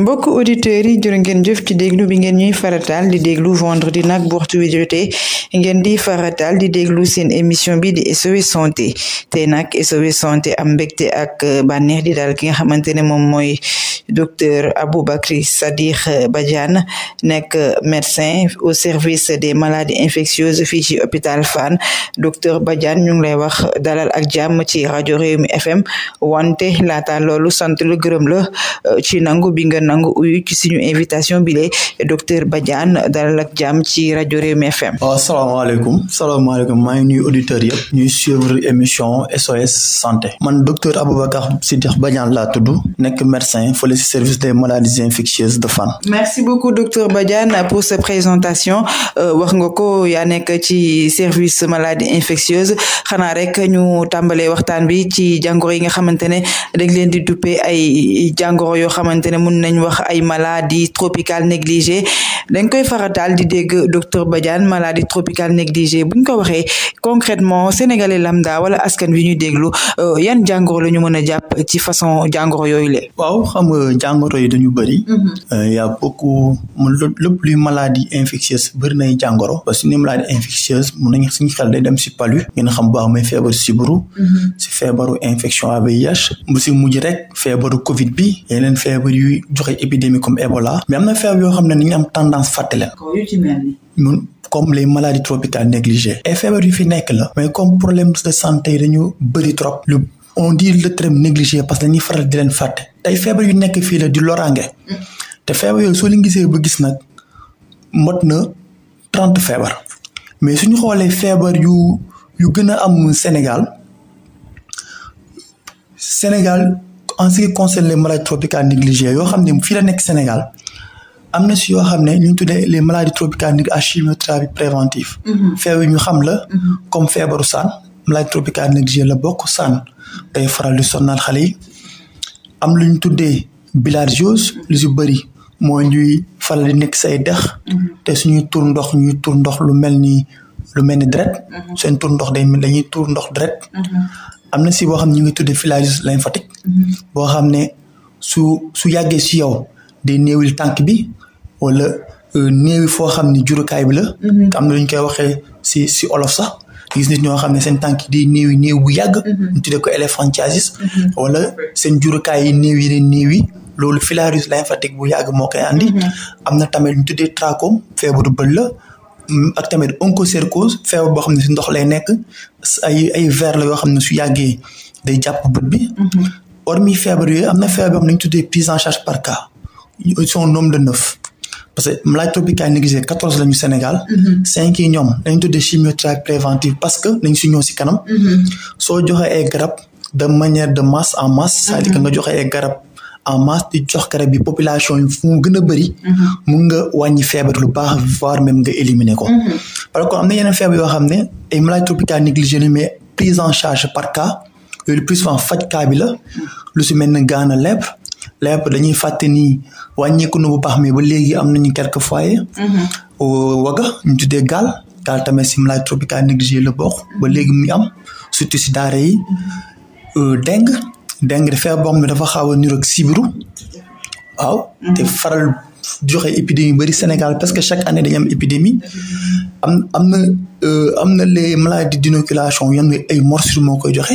mbokk auditeurs yi jërë ngeen jëf ci déglu bi ngeen ñuy faratal di déglu vendredi nag bu waxtu wi jotee ngeen di faratal di déglu seen émission bii di SOS santé tey nag SOS santé am mbégte ak euh, bànneex di daal ki nga xamante ne moom mooy docteur Aboubacry Sadikh Badiane nekk euh, médecin au service des maladies infectieuses fii ci hôpital Fann docteur badian ñu ngi lay wax dalal ak jàmm ci rajo Rewmi FM wante laata loolu sant la gërëm la euh, ci nangu bi nangu uyu ci suñu invitation bi lee docteur Badiane dalal ak jàmm ci rajo Rewmi FM. waaw salaamaaleykum salaamaaleykum maa ngi nuyu auditeurs yëpp ñuy suivre émission SOS santé man docteur Aboubacar Sidikh Badiane laa tudd nekk médecin fële service des maladies infectieuses de Fann. merci beaucoup docteur Badiane pour cette présentation euh, wax nga ko yaa nekk ci service maladies infectieuses xanaa rek ñu tàmbalee waxtaan bi ci jàngoro a nga xamante ne dañ di duppee ay jàngoro ñu wax ay maladie tropicale négligée dañ koy farataal di dégg docteur Badiane maladie tropicale négligée buñ ko waxee concrètement sénégalais lambda wala askan wi ñu déglu euh, yan jàngoro la ñu mën a jàpp ci façon jàngoro yooyu la waaw xam nga jàngoro yi dañu bëri mhm. euh, y a beaucoup lépp luy maladie infectieuse bëri nay jàngoro parce que ni maladie mu mun nañ suñu xel day dem si palu ngeen xam baax may feebaru sibru mhm. si feebaru infection à bu si mujj rek feebaru covid bi yeneen feebar yu joxe épidémie comme Ebola mais am na feebar yoo xam ne ni ñu am tendance fàtte leen mun comme les maladies tropicales négligées et feebar yu fi nekk la mais comme problème de santé yi dañu bëri trop lu on di le terme négligé parce que dañuy faral di leen fàtte tey feebar yu nekk fii la di loraange te feebar yooyu soo leen gisee ba gis nag mot na trente feebar mais su ñu xoolee feebar yu yu gën a am Sénégal Sénégal en ce qui concerne les maladies tropicales négligées yoo xam ne fii la nekk Sénégal am na si yoo xam ne ñu tuddee les maladies tropicales négligées à chimiothérapie préventive. Mhm. feebar ñu xam la. Mhm. comme feebaru saan maladie tropicale négligée la bokk saan day faral di sonnal xale yi am lu ñu tuddee bilharziose lu si bëri mooy ñuy faral di nekk say dex. Mhm. te suñuy tur ndox ñuy tur ndox lu mel ni lu mel ni deret. seen tur ndox day dañuy tur ndox deret. am na si boo xam ne ñu ngi tuddee filariose lymphatique mm-hmm. boo xam ne su su yàggee si yow day néewil tànk bi wala euh, néewi foo xam ne jurukaay bi la. Mm-hmm. te am na lu koy waxee si si olof sax gis ñoo xam ne seen tànk yi day néewi néew bu yàgg. Mm-hmm. ñu tuddee ko éléphantiasis. seen jurukaay yi néew yi day néewi loolu filariose lymphatique bu yàgg moo koy andi. am na tamit ñu tuddee trachome feebaru bët la. Mm, ak tamit onchocercose feebar boo xam ne si ndox lay nekk ay ay verre la yoo xam ne su yàggee day jàpp bët bi. Mhm. hormis feebar yooyu am na feebar nañu tuddee prise en charge par cas. ils sont nombre de neuf. parce que maladies tropicales négligées quatorze lañu Sénégal. Mhm. cinq yi ñoom dañu tuddee chimiothérapie préventive parce que nañu si ñëw si kanam. Mhm. soo joxe ay garab de manière de masse en masse. cest à nga joxe ay garab. en masse di jox garab yi population yi fu mu gën a bëri mm-hmm. mun nga wàññi feebar lu baax voire même nga éliminer ko mm-hmm. par contre am na yeneen feebar yoo xam ne ay maladies tropicales négligées mais prise en charge par cas yooyu plus souvent bi la mm-hmm. lu si mel ne gaana lèpre lèpre dañuy fàtte ni wàññeeku nu bu baax mais ba léegi am nañu quelques foyers waga ñu tuddee gaal gaal tamit si maladies tropicales négligées la bokk ba léegi muy am surtout si daara yi euh, dégg nga feebar boo xam ne dafa xaw a niroog sibiru waaw. Mhm. te faral joxe épidémie bëri Sénégal parce que chaque année dañu am épidémie am am na euh, am na les maladies d'inoculation yam ay morsure moo koy joxe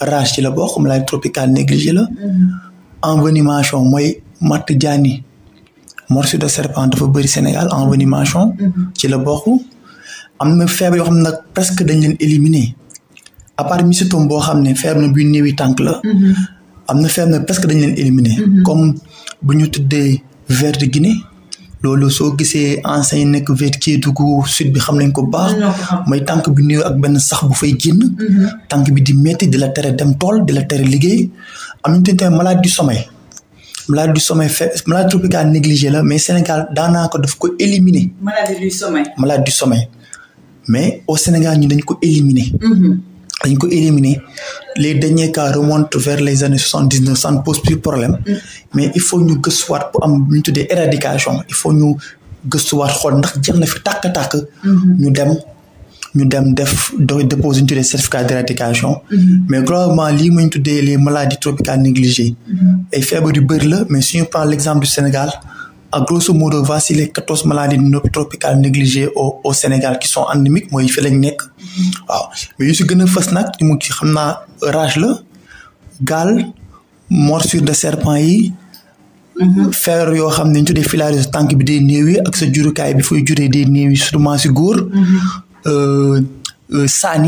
rage ci la bokk maladie tropicale négligée la. Mhm. envenimation mooy matt jaani morsure de serpent dafa bëri Sénégal envenimation. Mhm. ci la bokk am na feebar yoo xam ne nag presque dañ leen éliminer. à part Missitoum boo xam ne feer ferme bu néewi tànk la. Mhm. am na ferme presque dañ leen éliminer. Mhm. comme bu ñu tuddee vers de Guinée. loolu soo gisee enseigne yi nekk vers Kédougou sud bi xam nañ ko baax. mooy tànk bu néew ak benn sax bu fay génn. Mhm. tànk bi di métti di la tere dem tool di la tere liggéey. am nañu tamit maladie du sommeil. maladie du sommeil fe maladie la mais Sénégal daanaka daf ko éliminer. maladie du sommeil. maladie du sommeil mais au Sénégal ñu dañ ko éliminer. dañ ko éliminer les derniers cas remontent vers les années soixante-dix-neuf ça ne pose plus problème mm. mais il faut ñu gëstuwaat bu am lu ñu tuddee éradication il faut ñu gëstuwaat xool ndax jeex na fi tàkk-tàkk mm-hmm. ñu dem ñu dem def do déposer ñu tuddee certificat d'éradication mm-hmm. mais globalement lii ma ñu tuddee les maladies tropicales négligées mm-hmm. ay feebar yu bëri la mais suñu prend l'exemple du Sénégal a grosso modo va sur les quatorze maladies tropicales négligées au au Sénégal qui sont endémiques mooy fi lañ nekk. waaw mais si gën a fës nag mu ki xam naa rage la gaal morsure de serpent yi. Mhm. feebar yoo xam ne ñu tuddee filariose tànk bi day néew ak sa jurukaay bi fooy juree day néew yi surtout si góor. Mhm. Euh, euh, saan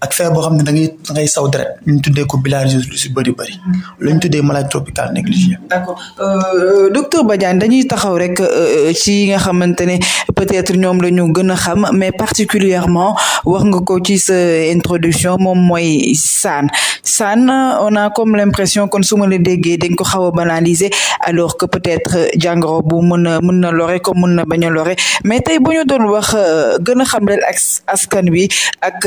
ak feebar xam ne da ngay da ngay saw deret ñu tuddee ko bilharziose lu si bëri bëri lu ñu tuddee tropicale négligée. d'accord euh, Badiane dañuy taxaw rek euh, euh, ci yi nga xamante ne peut-être ñoom la ñu gën a xam mais particulièrement wax nga ko ci sa introduction moom mooy saan saan on a comme l'impression kon su ma la déggee dañ ko xaw a banaliser alors que peut-être jàngoro bu mën a mën na lore comme mun na bañ a lore mais tey bu ñu doon wax gën a xam leen ak askan wi ak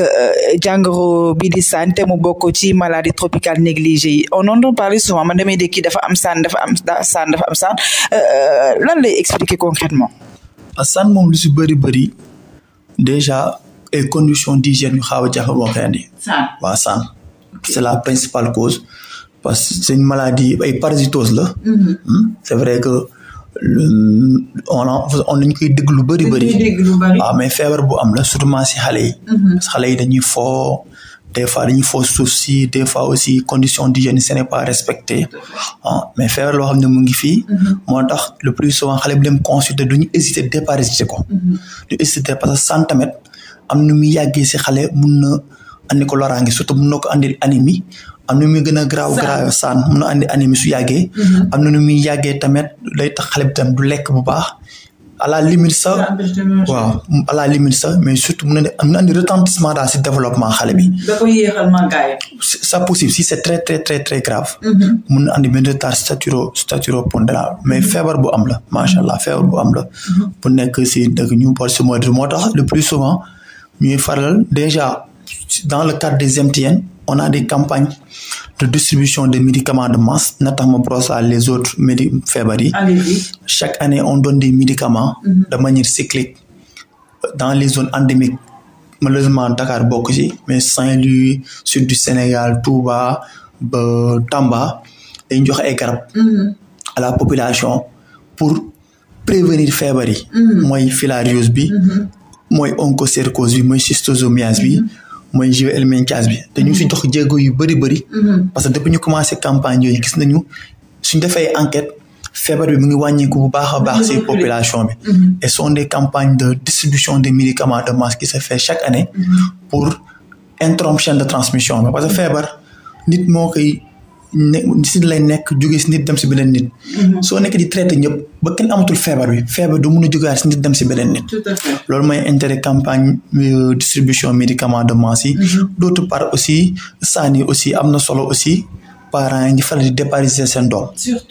jàng jàngoro bi di saan te mu bokk ci maladie tropicale négligée yi on entend parler souvent man damay dégg kii dafa am saan dafa am saan dafa am saan euh, euh, lan lay expliquer concrètement a ah, saan moom lu si bëri bëri déjà ay conditions d'hygiène yu xaaw a jaxarooxee ni waa saan c'est la principale cause parce que c'est une maladie ay parasitose la mm-hmm. hmm? c'est vrai que on on lañ koy dégg lu bëri bëri. waaw mais feebar bu am la surtout si xale yi. Mhm. parce que xale yi dañuy foo des fois dañuy foo suuf si des fois aussi condition d'hygiène ce n'est pas respecté mhm. ah mais feebar loo xam ne mu ngi fii. Mhm. moo tax le plus souvent xale bi dem consulter duñu hésiter déparasiter ko. du hésiter parce que centimètre am nu muy yàggee si xale mun na. andi ko loraange surtout mun na ko andi anémie am na muy gën a graaw graaw saan mun na andi anémie su yàggee mm-hmm. am na nu muy yàggee tamit day tax xale bi tamit du lekk bu baax à la limite sax waaw à la limite sax mais surtout mun na am na andi retentissement daal si développement xale bi ça mm-hmm. possible si c'est très très mm-hmm. retard staturo staturo-pondéral mais feebar bu am la macha allah feebar bu am la bu nekk si dëkk ñu bor si moo tax le plus souvent ñuy faral déjà dans le cadre des MTN on a des campagnes de distribution de médicaments de masse notamment Proxal les autres médi feebar yi chaque année on donne des médicaments mhm. de manière cyclique dans les zones endémiques malheureusement Dakar bokk ci mais Saint-Louis sud du Sénégal Touba ba Tamba dañ joxe ay garab mhm. à la population pour prévenir feebar yi mhm. mooy filariose bi mooy onchocercose bi mooy schistosomiase bi mooy juve elmentage bi te ñu suñ mhm. dox jéego yu bëri mhm. parce que depuis ñu commencé campagne yooyu gis nañu suñ defee enquête feebar bi mu ngi wàññeeku bu baax a baax mhm. si population bi et sont des campagnes de distribution des médicaments de masse qui se fait chaque année pour interrompre chaîne de transmission bi parce que feebar nit moo koy ne si lay nekk jóge si nit dem si beneen nit. Mhm. soo nekkee di traité ñëpp ba kenn amatul feebar bi feebar du mun a jógaat si nit dem si beneen nit. loolu mooy intérêt campagne euh, distribution médicament de masse yi. Mhm. d'autre part aussi saan aussi am na solo aussi. parent yi ñu faral di dépariser seen doom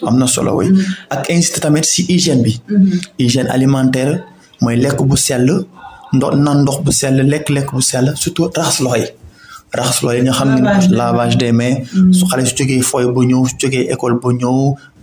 am na solo way mhm. ak insisté tamit si hygiène bi hygiène alimentaire mooy lekk bu sell ndox naan ndox bu sell lekk-lekk bu sell surtout raxas loxo yi raxas loolu yi nga xam ne lavage des mains mm-hmm. su xale su jógee fooy bu ñëw su jógee école bu ñëw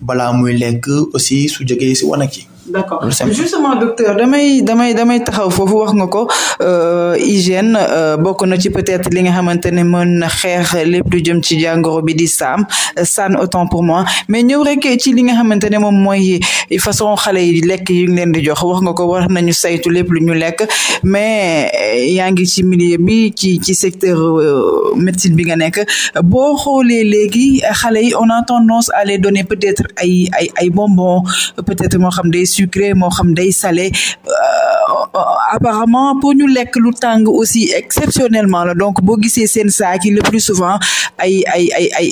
balaa muy lekk aussi su jógee si wanag d'accord justement docteur damay damay damay taxaw foofu wax nga ko euh, hygiène euh, bokk na ci peut-être li nga xamante ne mën na xeex lépp lu jëm ci jàngoro bi di saam euh, saan autant pour moi mais ñëw rek ci li nga xamante ne moom mooy façon xale yi lekk yi ngi leen di jox wax nga ko war nañu saytu lépp lu ñu lekk mais yaa ngi ci millier bi ci ci secteur médecine bi nga nekk boo xoolee léegi xale yi on a tendance à les donner peut-être ay ay ay bonbons peut-être moo xam day sucré moo xam day salé euh, apparemment pour ñu lekk lu tàng aussi exceptionnellement la donc boo gisee seen saak yi le plus souvent ay ay ay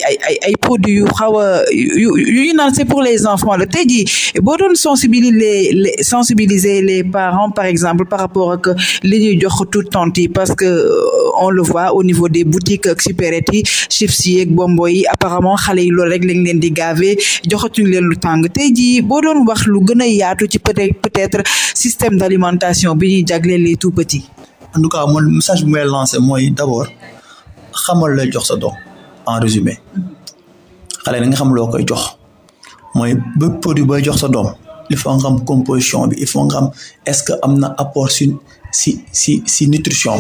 ay produits yu xaw a yu yu naan c'est pour les enfants la tey jii boo doon sensibiliser les sensibiliser les parents par exemple par rapport ak li ñuy jox tout temps yi parce que euh, on le voit au niveau des boutiques ak supérettes yi chips yi ak bombo yi apparemment xale yi loolu rek lañ leen di gaver joxatuñ leen lu tàng tey jii boo doon wax lu gën a yaatu ci peut-être peut-être système d'alimentation bi ñuy jagleel les tout petits en tout cas mon message bu may lancé mooy d'abord xamal lay jox sa doom en résumé xale da nga xam loo koy jox mooy ba produit bay jox sa doom il faut nga xam composition bi il faut nga xam est-ce que am na apport si si si si nutrition.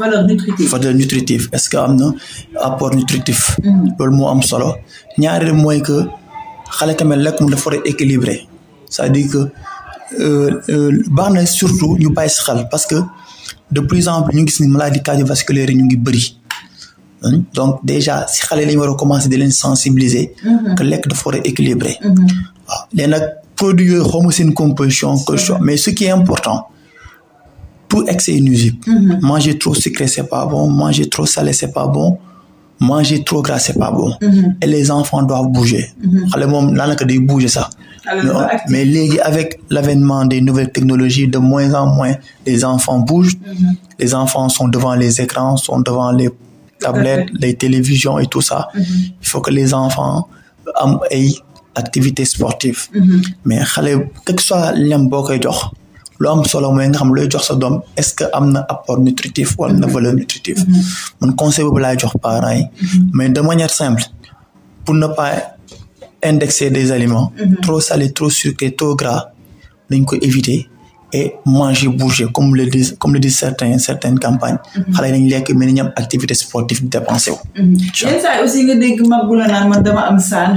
valeur nutritive valeur nutritive est-ce que am na apport nutritif. Mhm. loolu moo am solo ñaareel mooy que xale tamit lekk mu dafa war a équilibré c'est-à-dire que euh, euh, baax na surtout ñu bàyyi si xel parce que de plus en plus ñu gis ni maladie cardiovasculaire yi ñu ngi bëri hmm? donc déjà si xale la ñu war a commencer di leen sensibiliser. Mhm. que lekk dafa war a équilibré. Mhm. waaw léegi produit yooyu xaw ma seen composition mais ce qui est important. tout excès est nuisible. Mhm. manger trop sucré c'est pas bon manger trop salé c'est pas bon. manger trop gras c'est pas bon. Mm-hmm. et les enfants doivent bouger. Mm-hmm. xale moom daanaka day bouger sax. Ah, mais léegi avec l'avènement des nouvelles technologies de moins en moins les enfants bougent. Mm-hmm. les enfants sont devant les écrans sont devant les tablettes les télévisions et tout ça. il faut que les enfants am ay activités sportives. mais xale quel soit lem boo koy jox. lu am solo mooy nga xam looy jox sa doom est-ce que am na apport nutritif wala na valeur nutritive mm-hmm. man conseil boobu laay jox parents yi mm-hmm. mais de manière simple pour ne pas indexer des aliments mm-hmm. trop salés trop sucrés trop gras dañ ko éviter e manger bouger comme le disent comme le disent certains certaines campagnes. Mhm. xale yi dañu lekk mais dañu am activité sportive di dépensé wu. Mhm. yenn saa yi aussi nga dégg mag bu la naan man dama am saan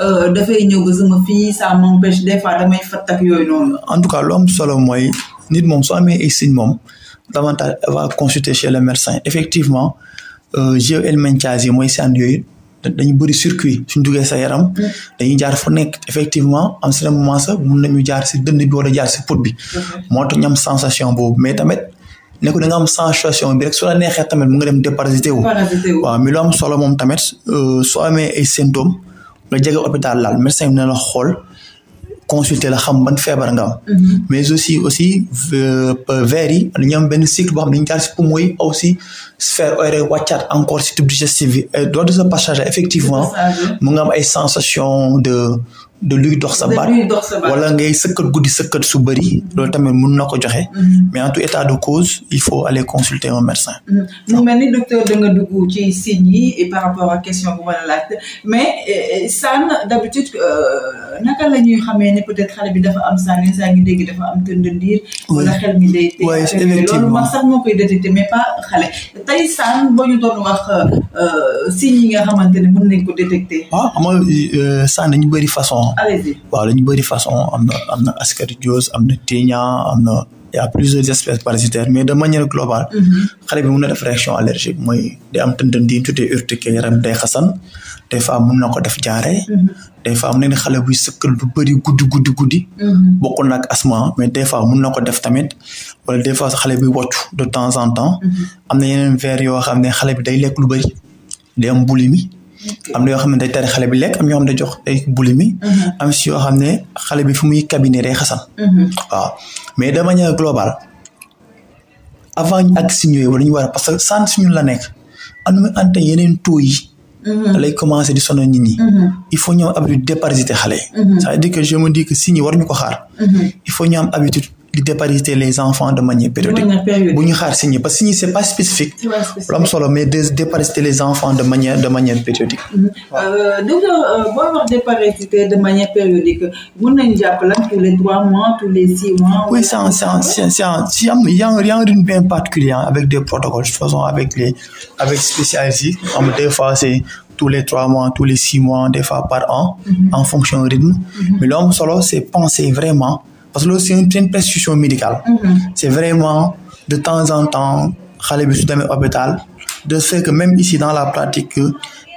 euh, fii ça m'empêche des fois damay fattak yooyu noonu. en tout cas lu solo mooy nit moom soo amee ay signes moom davantage va consulter chez le médecin effectivement euh, GEL Menchazi mooy saan yooyu. dañu bëri circuit suñ jugee sa yaram dañuy jaar fa nekk effectivement en ce moment sax mun jaar si dënn bi wala jaar si pot bi moo tax ñu am sensation boobu mais tamit ne ko da nga am sensation bi rek su la neexee tamit mu nga dem déparasité wu waaw mi lu solo moom tamit euh, soo amee ay symptômes nga jege hôpital laal médecin bi na la xool consulter la xam ban feebar nga am. Mhm. mais aussi aussi euh, vers yi dañu am benn cycle boo xam ne dañu jaar si poumon yi aussi sphère oreille wàccaat encore si tube digestif bi de ce passage effectivement mu nga ay sensation de. de luy dox sa baat wala ngay sëkkat guddi sëkkat su bëri loolu tamit mun na ko joxe mm-hmm. mais en de cause il faut aller consulter un médecin mu mm-hmm. mel ni docteur da nga dugg ci signes yi et par rapport à question bu la laaj mais eh, saan d'habitude euh, naka la ñuy xamee ne peut-être xale bi dafa am saan saa ngi dégg dafa am tënd ndiir wala xel mi day tey loolu man sax moo tey saan boo ñu doon wax euh, euh, signes yi nga xamante ne mën nañ ko détecter waaw ah, xam saan dañu bëri façon façon. waaw dañu bëri façon am na am na ascaridiose am na ténia am na y a plusieurs espèces parasitaires mais de manière globale. Mhm. xale bi mun na def réaction allergique mooy day am tëntën di tuddee urtique yaram day xasan des fois mun na ko def jaare mhm. des fois mu ne xale buy sëkkal lu bëri guddi guddi guddi. Mhm. bokkul na ak asma mais des fois mun na ko def tamit wala de fois xale bi wàccu de temps en temps. am na yeneen vers yoo xam ne xale bi day lekk lu bëri day am bulimi. am na yoo xam ne day tere xale bi lekk am yoo xam ne jox ay bulimi mm-hmm. am si yoo xam ne xale bi fu muy cabinet day xasan mm-hmm. waaw mais de manière globale avant ñu ak signes yooyu ñu war parce que sant suñu la nekk am na ante yeneen taux yi mm-hmm. lay commencé di sonal nit ñi il faut ñu am habitude déparasiter xale yi ça veut dire que je me dis que signes war ñu ko xaar il faut ñu am habitude di déparasiter les enfants de manière périodique bu ñu xaar parce que signé c'est pas spécifique lu am solo mais de déparasiter les enfants de manière de manière périodique mm-hmm. euh, déjà euh, boo wax déparasiter de manière périodique mën nañ jàpp lan tous les trois mois tous les six mois si am avec de toute façon avec les avec spécialistes am des fois c'est tous les trois mois tous les six mois des fois par an mm-hmm. en fonction rythme mm-hmm. mais lu solo c'est penser vraiment parce que loolu c'est une prescription médicale. Mm-hmm. c'est vraiment de temps en temps xale bi su demee hôpital. de fait même ici dans la pratique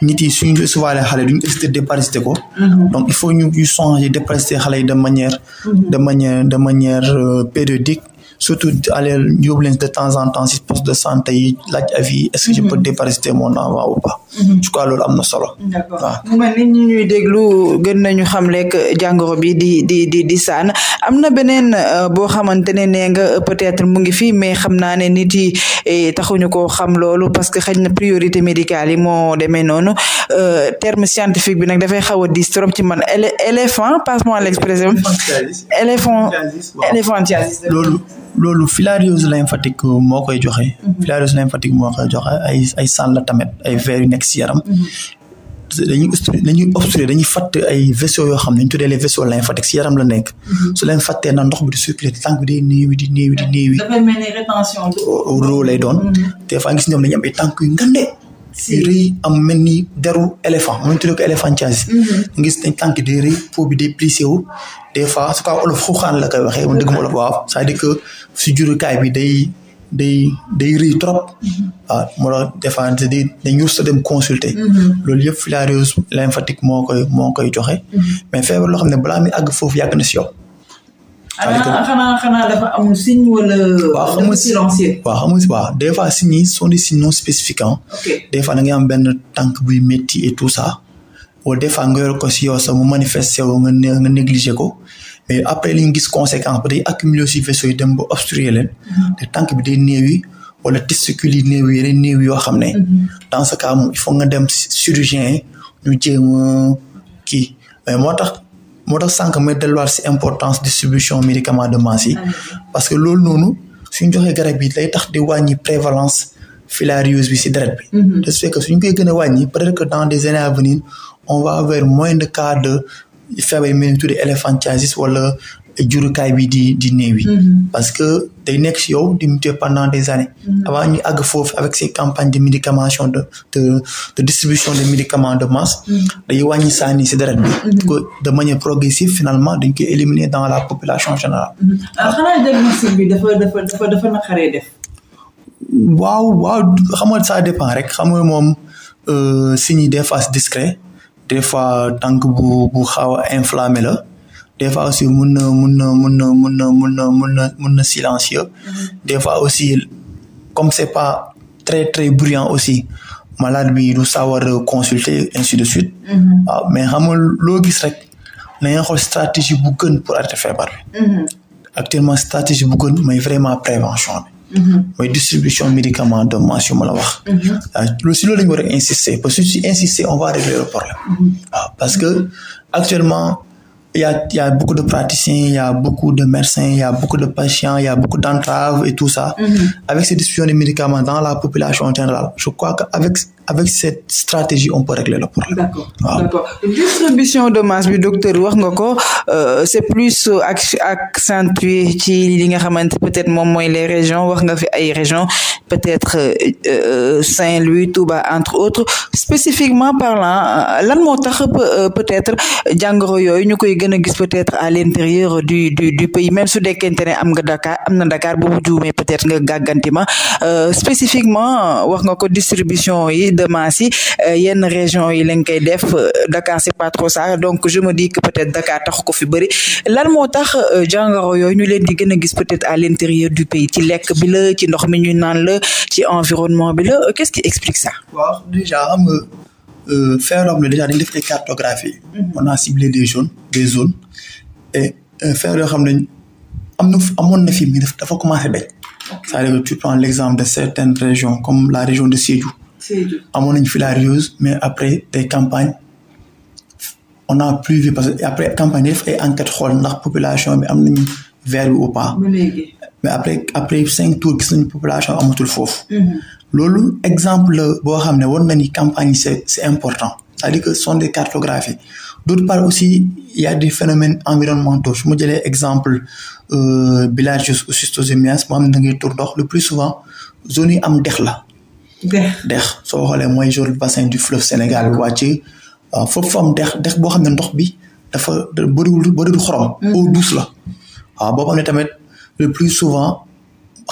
nit yi suñu recevoir xale duñu hésiter déparasiter ko. Mm-hmm. donc il faut ñu changer déparasiter xale yi de manière. Mm-hmm. de manière de manière euh, périodique. surtout aller yóbbu leen de temps en temps si poste de santé yi laaj avis est-ce que je mhm. peux déparasiter mon enfant ou pas. Mhm. en tout cas loolu am na solo. déglu gën nañu xam lekk jàngoro bi di di di di saan am na beneen euh, boo xamante ne nee nga euh, peut-être mu ngi fi mais xam naa ne nit yi eh, taxuñu koo xam loolu parce que xëy na priorité médicale yi moo demee noonu euh, terme scientifique bi nag dafay xaw a dis ci man éléphant passe-moi l'expression éléphant éléphantiasis loolu loolu filariose fatik moo koy joxe. Mhm. filariose lymphatique moo koy joxe ay ay sànla tamit ay vers yu nekk si yaram. Mhm. dañuy obstrué dañuy obstrué dañuy fatt ay vaisseaux yoo xam ne ñu tuddee les vaisseaux lymphatiques si yaram la nekk. Mhm. su leen fàttee na ndox bi di circulé tànk bi day néewi di néewi di néewi. dafay mel ni rétention. lay doon. te faa ngi si tànk yu si rëy am mel ni deru éléphant mu ngi tuddee ko éléphantiasis ñu mhm. gis dañ tànk day rëy peau bi day plissé wu des fois su ko olof xuuxaan la koy waxee mu dëgguma waaw cest à que si jurukaay bi day day day rëy trop waaw mhm. ah, moo la des fois de day ñuur sa dem consulter mhm. loolu yëpp filariose lymphatique moo koy moo koy joxe mais feebar loo xam ne balaa muy àgg foofu yàgg na si xanaa xanaa xanaa dafa amul signe wala. waaw amul silencieux. waaw amul waaw des fois signes yi sont des am benn tànk tout ça. wala des fois nga yor ko si yow sax mu manifesté wu nga nga ko mais après li ñu gis conséquence ba day accumulé si vaisseau dem ba obstruer leen. Mhm. te tànk bi day néewi wala testicule yi néew yeneen yoo xam ne. Mhm. dans ce cas nga dem chirurgien ñu jéem kii mais moo tax. moo tax sànq may delluwaat si importance distribution médicament de masse parce que loolu noonu suñ joxee garab yi lay tax di wàññi prévalence filariose bi si deret bi mhm. de ce fait que koy gën a wàññi peut-être que dans des années à venir on va avoir moins de cas de feebar yi mel ni tuddee wala jurukaay bi di di néew mhm. parce que day nekk si yow di mutuer pendant des années mhm. avant ñu foofu avec ces campagnes de médication de de de distribution de médicaments de masse mhm. day wàññi saani si deret bi que de manière progressive finalement dañ éliminer dans la population générale ah, xanaa diagnostic waaw waaw xam ça dépend rek xam nga moom euh, signes yi des fois discret des fois tànk bu bu xaw a inflammé la des fois aussi mun na mun na mun na mun na silencieux mm-hmm. des fois aussi comme c'est pas très très bruyant aussi malade bi du sawar consulter ainsi de suite waaw mm-hmm. ah, mais xam loo gis rek nañu xool stratégie bu gën pour arrêter feebar bi mm-hmm. actuellement stratégie bu gën mais vraiment prévention bi distribution médicament de masse yu wax. Ah, loolu si loolu ñu war a parce que si insister on va régler le problème. Ah, parce que actuellement il a, il y a beaucoup de praticiens, il y a beaucoup de médecins, il y beaucoup de patients, il beaucoup d'entraves et tout ça. Mm-hmm. Avec ces distributions de médicaments dans la population générale, je crois qu'avec avec cette stratégie on peut régler le problème. d'accord waaw distribution de masse bi docteur wax nga ko euh, c'est plus euh, accentué ci li nga xamante peut-être moom mooy les région wax nga fi ay régions peut-être euh, Saint-Louis Touba entre autres spécifiquement parlant lan moo tax peut-être jàngoro yooyu ñu koy gën a gis peut-être à l'intérieur du du du pays même su dekkente ne am nga Dakar am na Dakar boobu juumee peut-être nga gàgganti ma spécifiquement wax nga ko distribution yi. Casamance yi euh, yenn région yi lañ koy def euh, Dakar c'est pas trop donc je me dis peut-être Dakar tax ko fi bëri lan moo tax euh, jàngoro yooyu ñu leen di gën a gis peut-être à l'intérieur du pays ci lekk bi la ci ndox mi ñu naan la ci environnement bi la qu'est-ce qui explique sax waaw déjà am nga feebaram la déjà dañu def ay cartographie. Mhm. on a ciblé des jones des zones e feebar yoo xam ne am na amoon na fi mais dafa commencé dañ. c'est-à-dire tu prends l'exemple de certaines régions comme la région de Sédhiou. amoon nañ filariose mais après tey campagne on na plus vu parce que après campagne def ay enquête xool ndax population bi am nañu vert bi pas mais après après cinq tours gis nañu population amatul foofu mhm. loolu exemple la boo xam ne war nañu campagne c'est c'est important c'est-à-dire des cartographies d'autre part aussi il y a des su ma jëlee exemple euh, bilharziose ou schistosomiase moo xam ne da ndox le plus souvent zone yi am dex la dex soo xoolee mooy jour bassin du fleuve Sénégal bi wàcc euh, foofu fa am dex dex boo xam ne ndox bi dafa bëriwul bëriwul xorom mm. eau douce la waaw boo xam ne tamit le plus souvent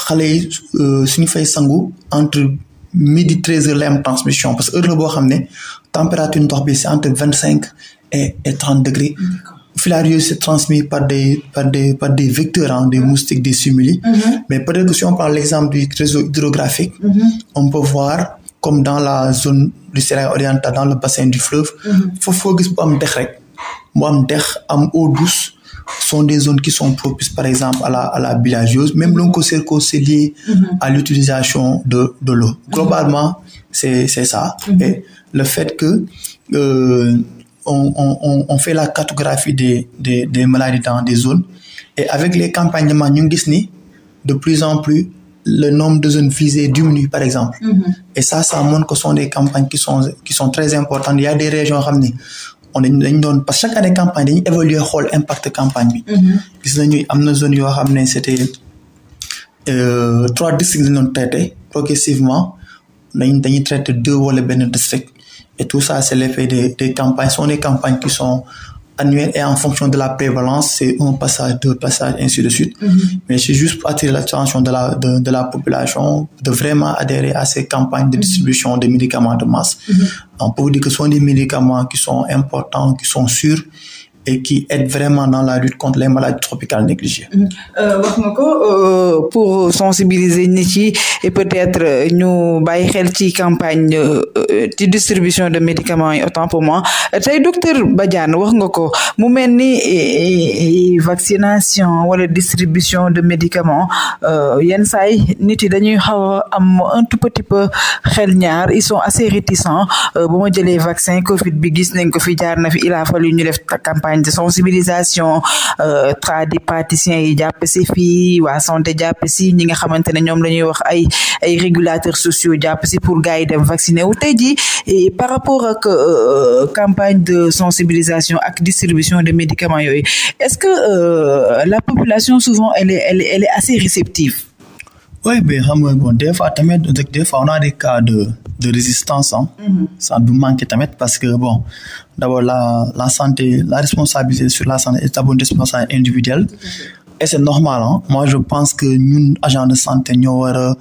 xale yi euh, suñu fay sangu entre mid treize heures la am transmission parce que la boo xam ne température ndox bi c'est entre vingt cinq et et trente degré filariose c'est transmis par des par des par des vecteurs mhm. mais peut-être que si on prend l'exemple du réseau hydrographique mhm. on peut voir comme dans la zone du Sénégal oriental dans le bassin du fleuve mhm. foofu foo gis bu am dex rek bu am dex am eau douce sont des zones qui sont propices par exemple à la à la bilharziose même l'onchocercose c'est lié à l'utilisation de de l'eau globalement c'est c'est ça et le fait que euh, on, on, on fait la cartographie des, des, des, maladies dans des zones. Et avec les campagnes de Manungisni, de plus en plus, le nombre de zones visées diminue, par exemple. Mm -hmm. Et ça, ça montre que ce sont des campagnes qui sont, qui sont très importantes. Il y a parce que chaque année, campagne, dañuy évaluer xool impact campagne bi. Mm-hmm. gis nañu am na zone yoo xam ne c' était euh, trois districts lañ doon traité progressivement dañuy dañuy traité deux wala benn district. Et tout ça, c'est l'effet des, des, campagnes. sont des campagnes qui sont annuelles et en fonction de la prévalence, c'est un passage, deux passages, ainsi de suite. Mm-hmm. Mais juste pour attirer l'attention de la, population de vraiment adhérer à ces campagnes de mm-hmm. distribution des médicaments de masse. Mm -hmm. dire que sont des médicaments qui sont importants, qui sont sûrs et qui aide vraiment dans la lutte contre les maladies tropicales négligées. Mm-hmm. Euh, wax nga euh, pour sensibiliser nit yi et peut-être euh, ñu bàyyi xel ci campagne ci distribution de médicaments yi autant pour moi tey docteur Badiane wax nga ko mu mel ni eh, eh, eh, vaccination wala distribution de médicaments yenn saa yi nit yi dañuy xaw am un tout petit peu xel ñaar ils sont assez réticents bu ma jëlee vaccin bi gis nañ ko fi jaar na fi il a ñu def campagne. campagne de sensibilisation euh, tradipraticiens yi jàpp si fii waa santé jàpp si ñi nga xamante ne ñoom la wax ay ay régulateurs sociaux jàpp si pour gars yi dem vacciner wu tey jii par rapport ak euh, campagne de sensibilisation ak distribution de médicament yooyu est-ce que euh, la population souvent elle est assez réceptive oui mais xam nga bon des fois tamit des fois de de résistance ah. ça du manquer tamit parce que bon d'abord la la santé la responsabilité sur la santé est d'abord une responsabilité individuelle. et c'est normal ah je pense que ñun agent de santé ñoo war a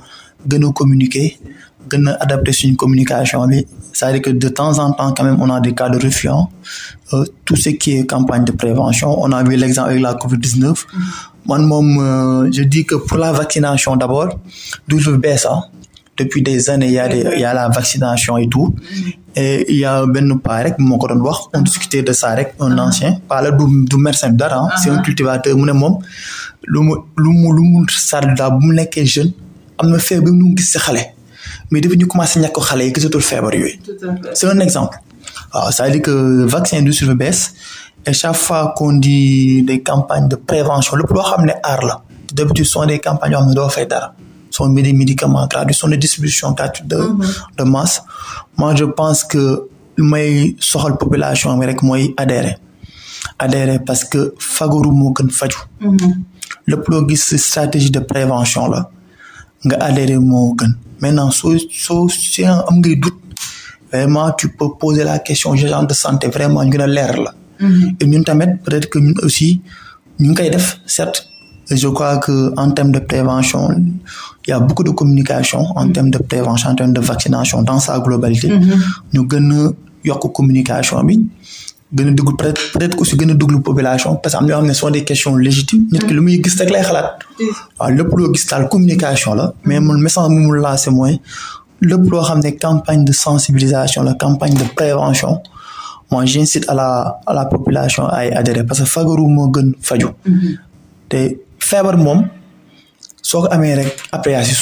gën a communiquer. gën a adapté suñu communication bi cest que de temps en temps quand même on a des cas de refus euh, tout ce qui est campagne de prévention on a l'exemple la COVID-19 man moom euh, je di que pour la vaccination d'abord du lu bees depuis des années il a la vaccination et tout et y a benn paa rek moo ko doon wax on discutait de ça rek un ah. ancien paa la du du médecin dara c'est un ah. cultivateur mu ne moom lu mu lu mu lu mu daal bu mu nekkee jeune am na feebar bi mu gis si xale mais depuis ñu commencé ñàkk ko xale yi gisatul feebar yooyu c'est un exemple waaw c'est-à-dire que vaccin du sur bees et chaque fois qu'on dit des campagnes de prévention lépp loo xam ne aar la te d'habitude des campagnes yoo xam ne doo fay dara sont des médicaments gratuits sont des de mm -hmm. je pense que may soxal population bi rek mooy adhérer adhérer parce que fagaru moo mm-hmm. loo gis stratégie de prévention la nga adhérer moo gën am ngay doute vraiment tu peux poser la de santé vraiment ñu a leer la Mm-hmm. et ñun tamit peut-être que aussi ñu ngi koy def certes je crois que en termes de prévention il y a beaucoup de communication en mm-hmm. termes de prévention en termes de vaccination dans sa globalité mm-hmm. ñu gën yokk communication bi gën a dugg peut-être peut-être aussi gën a duglu population parce que am na xam ne sont des questions légitimes nit ki lu muy gis rek lay xalaat waaw lépp loo gis daal communication la mais mon message bu mu lancé mooy lépp loo xam ne campagne de sensibilisation la campagne de prévention moi j'incite à la à la population ay adhérer parce que fagaru moo gën faju mm-hmm. te feebar moom soo ko amee rek après yaa si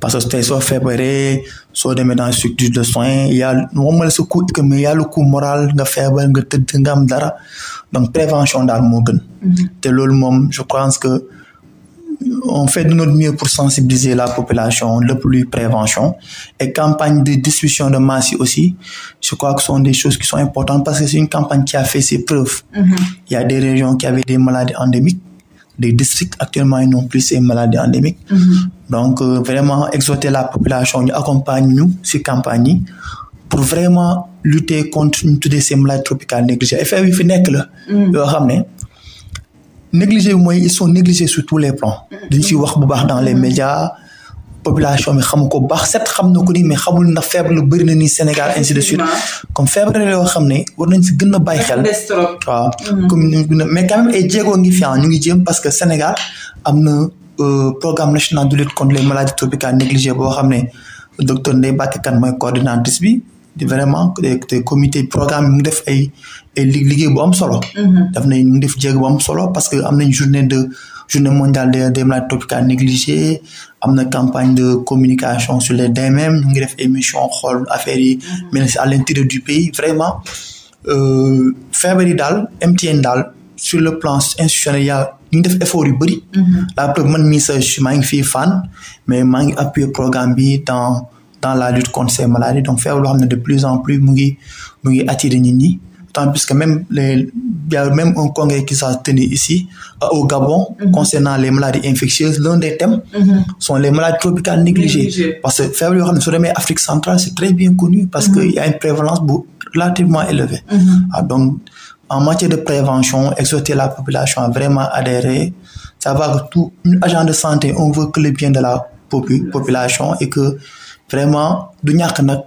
parce que tey soo feebaree soo demee dans structure de soins y a moom la sa coût économique y a le nga feebar nga tëdd nga am dara donc prévention daal moo gën mm-hmm. te loolu moom je pense que on fait de notre pour sensibiliser la population, le plus prévention et campagne de discussion de masse aussi. Je crois que ce sont des choses qui sont importantes parce que c'est une campagne qui a fait ses preuves. Mm -hmm. Il y a des régions qui avaient des maladies endémiques, des districts actuellement ils n'ont plus ces maladies endémiques. Mhm. Donc euh, vraiment exhorter la population, nous accompagne si ces pour vraiment lutter contre toutes ces maladies tropicales négligées. Effet bi fi nekk la. Mhm. yoo xam ne négligé bi mooy ils sont négligés sur tous les plans. duñ ci wax bu baax dans les média population bi xam ko baax set xam na ko ni mais xamul na feebar lu bëri na ni Sénégal ainsi de suite comme feebar la yoo xam ne war nañ si gën a bàyyi xel waaw mm-hmm. comme mais quand même ay ngi fi ah, ñu ngi jéem parce que Sénégal am na euh, programme national de lutte contre les maladies tropicales négligées boo xam ne docteur Ndeye Bakké Kane mooy coordinatrice bi vraiment te comité programme mu def ay liggéey bu am solo. Mhm. daf nañ mu def jéeg bu solo parce que am na journée de journée mondiale de des maladies tropicales am na campagne de communication sur les DMM ñu ngi def émission xool affaire yi. Mhm. mais à l'intérieur du pays vraiment euh, feebar yi daal MTN daal sur le plan institutionnel ya ñu def effort yu bëri. Mhm. la preuve man mii maa ngi fii fan mais maa ngi appuyer programme bi dans. dans la lutte contre ces maladies donc feebar loo ne de plus en plus mu ngi mu tant puisque même les y a même un congrès qui s'est tenu ici euh, au Gabon mhm. concernant les maladies infectieuses l'un des thèmes mm les maladies tropicales négligées parce que feebar yoo xam ne su demee Afrique centrale c'est très bien connu parce que mhm. y a une prévalence bu relativement élevée mhm. ah, donc en matière de prévention exhorter la population à vraiment adhérer savoir que tout un de la population et que vraiment du ñàkk nag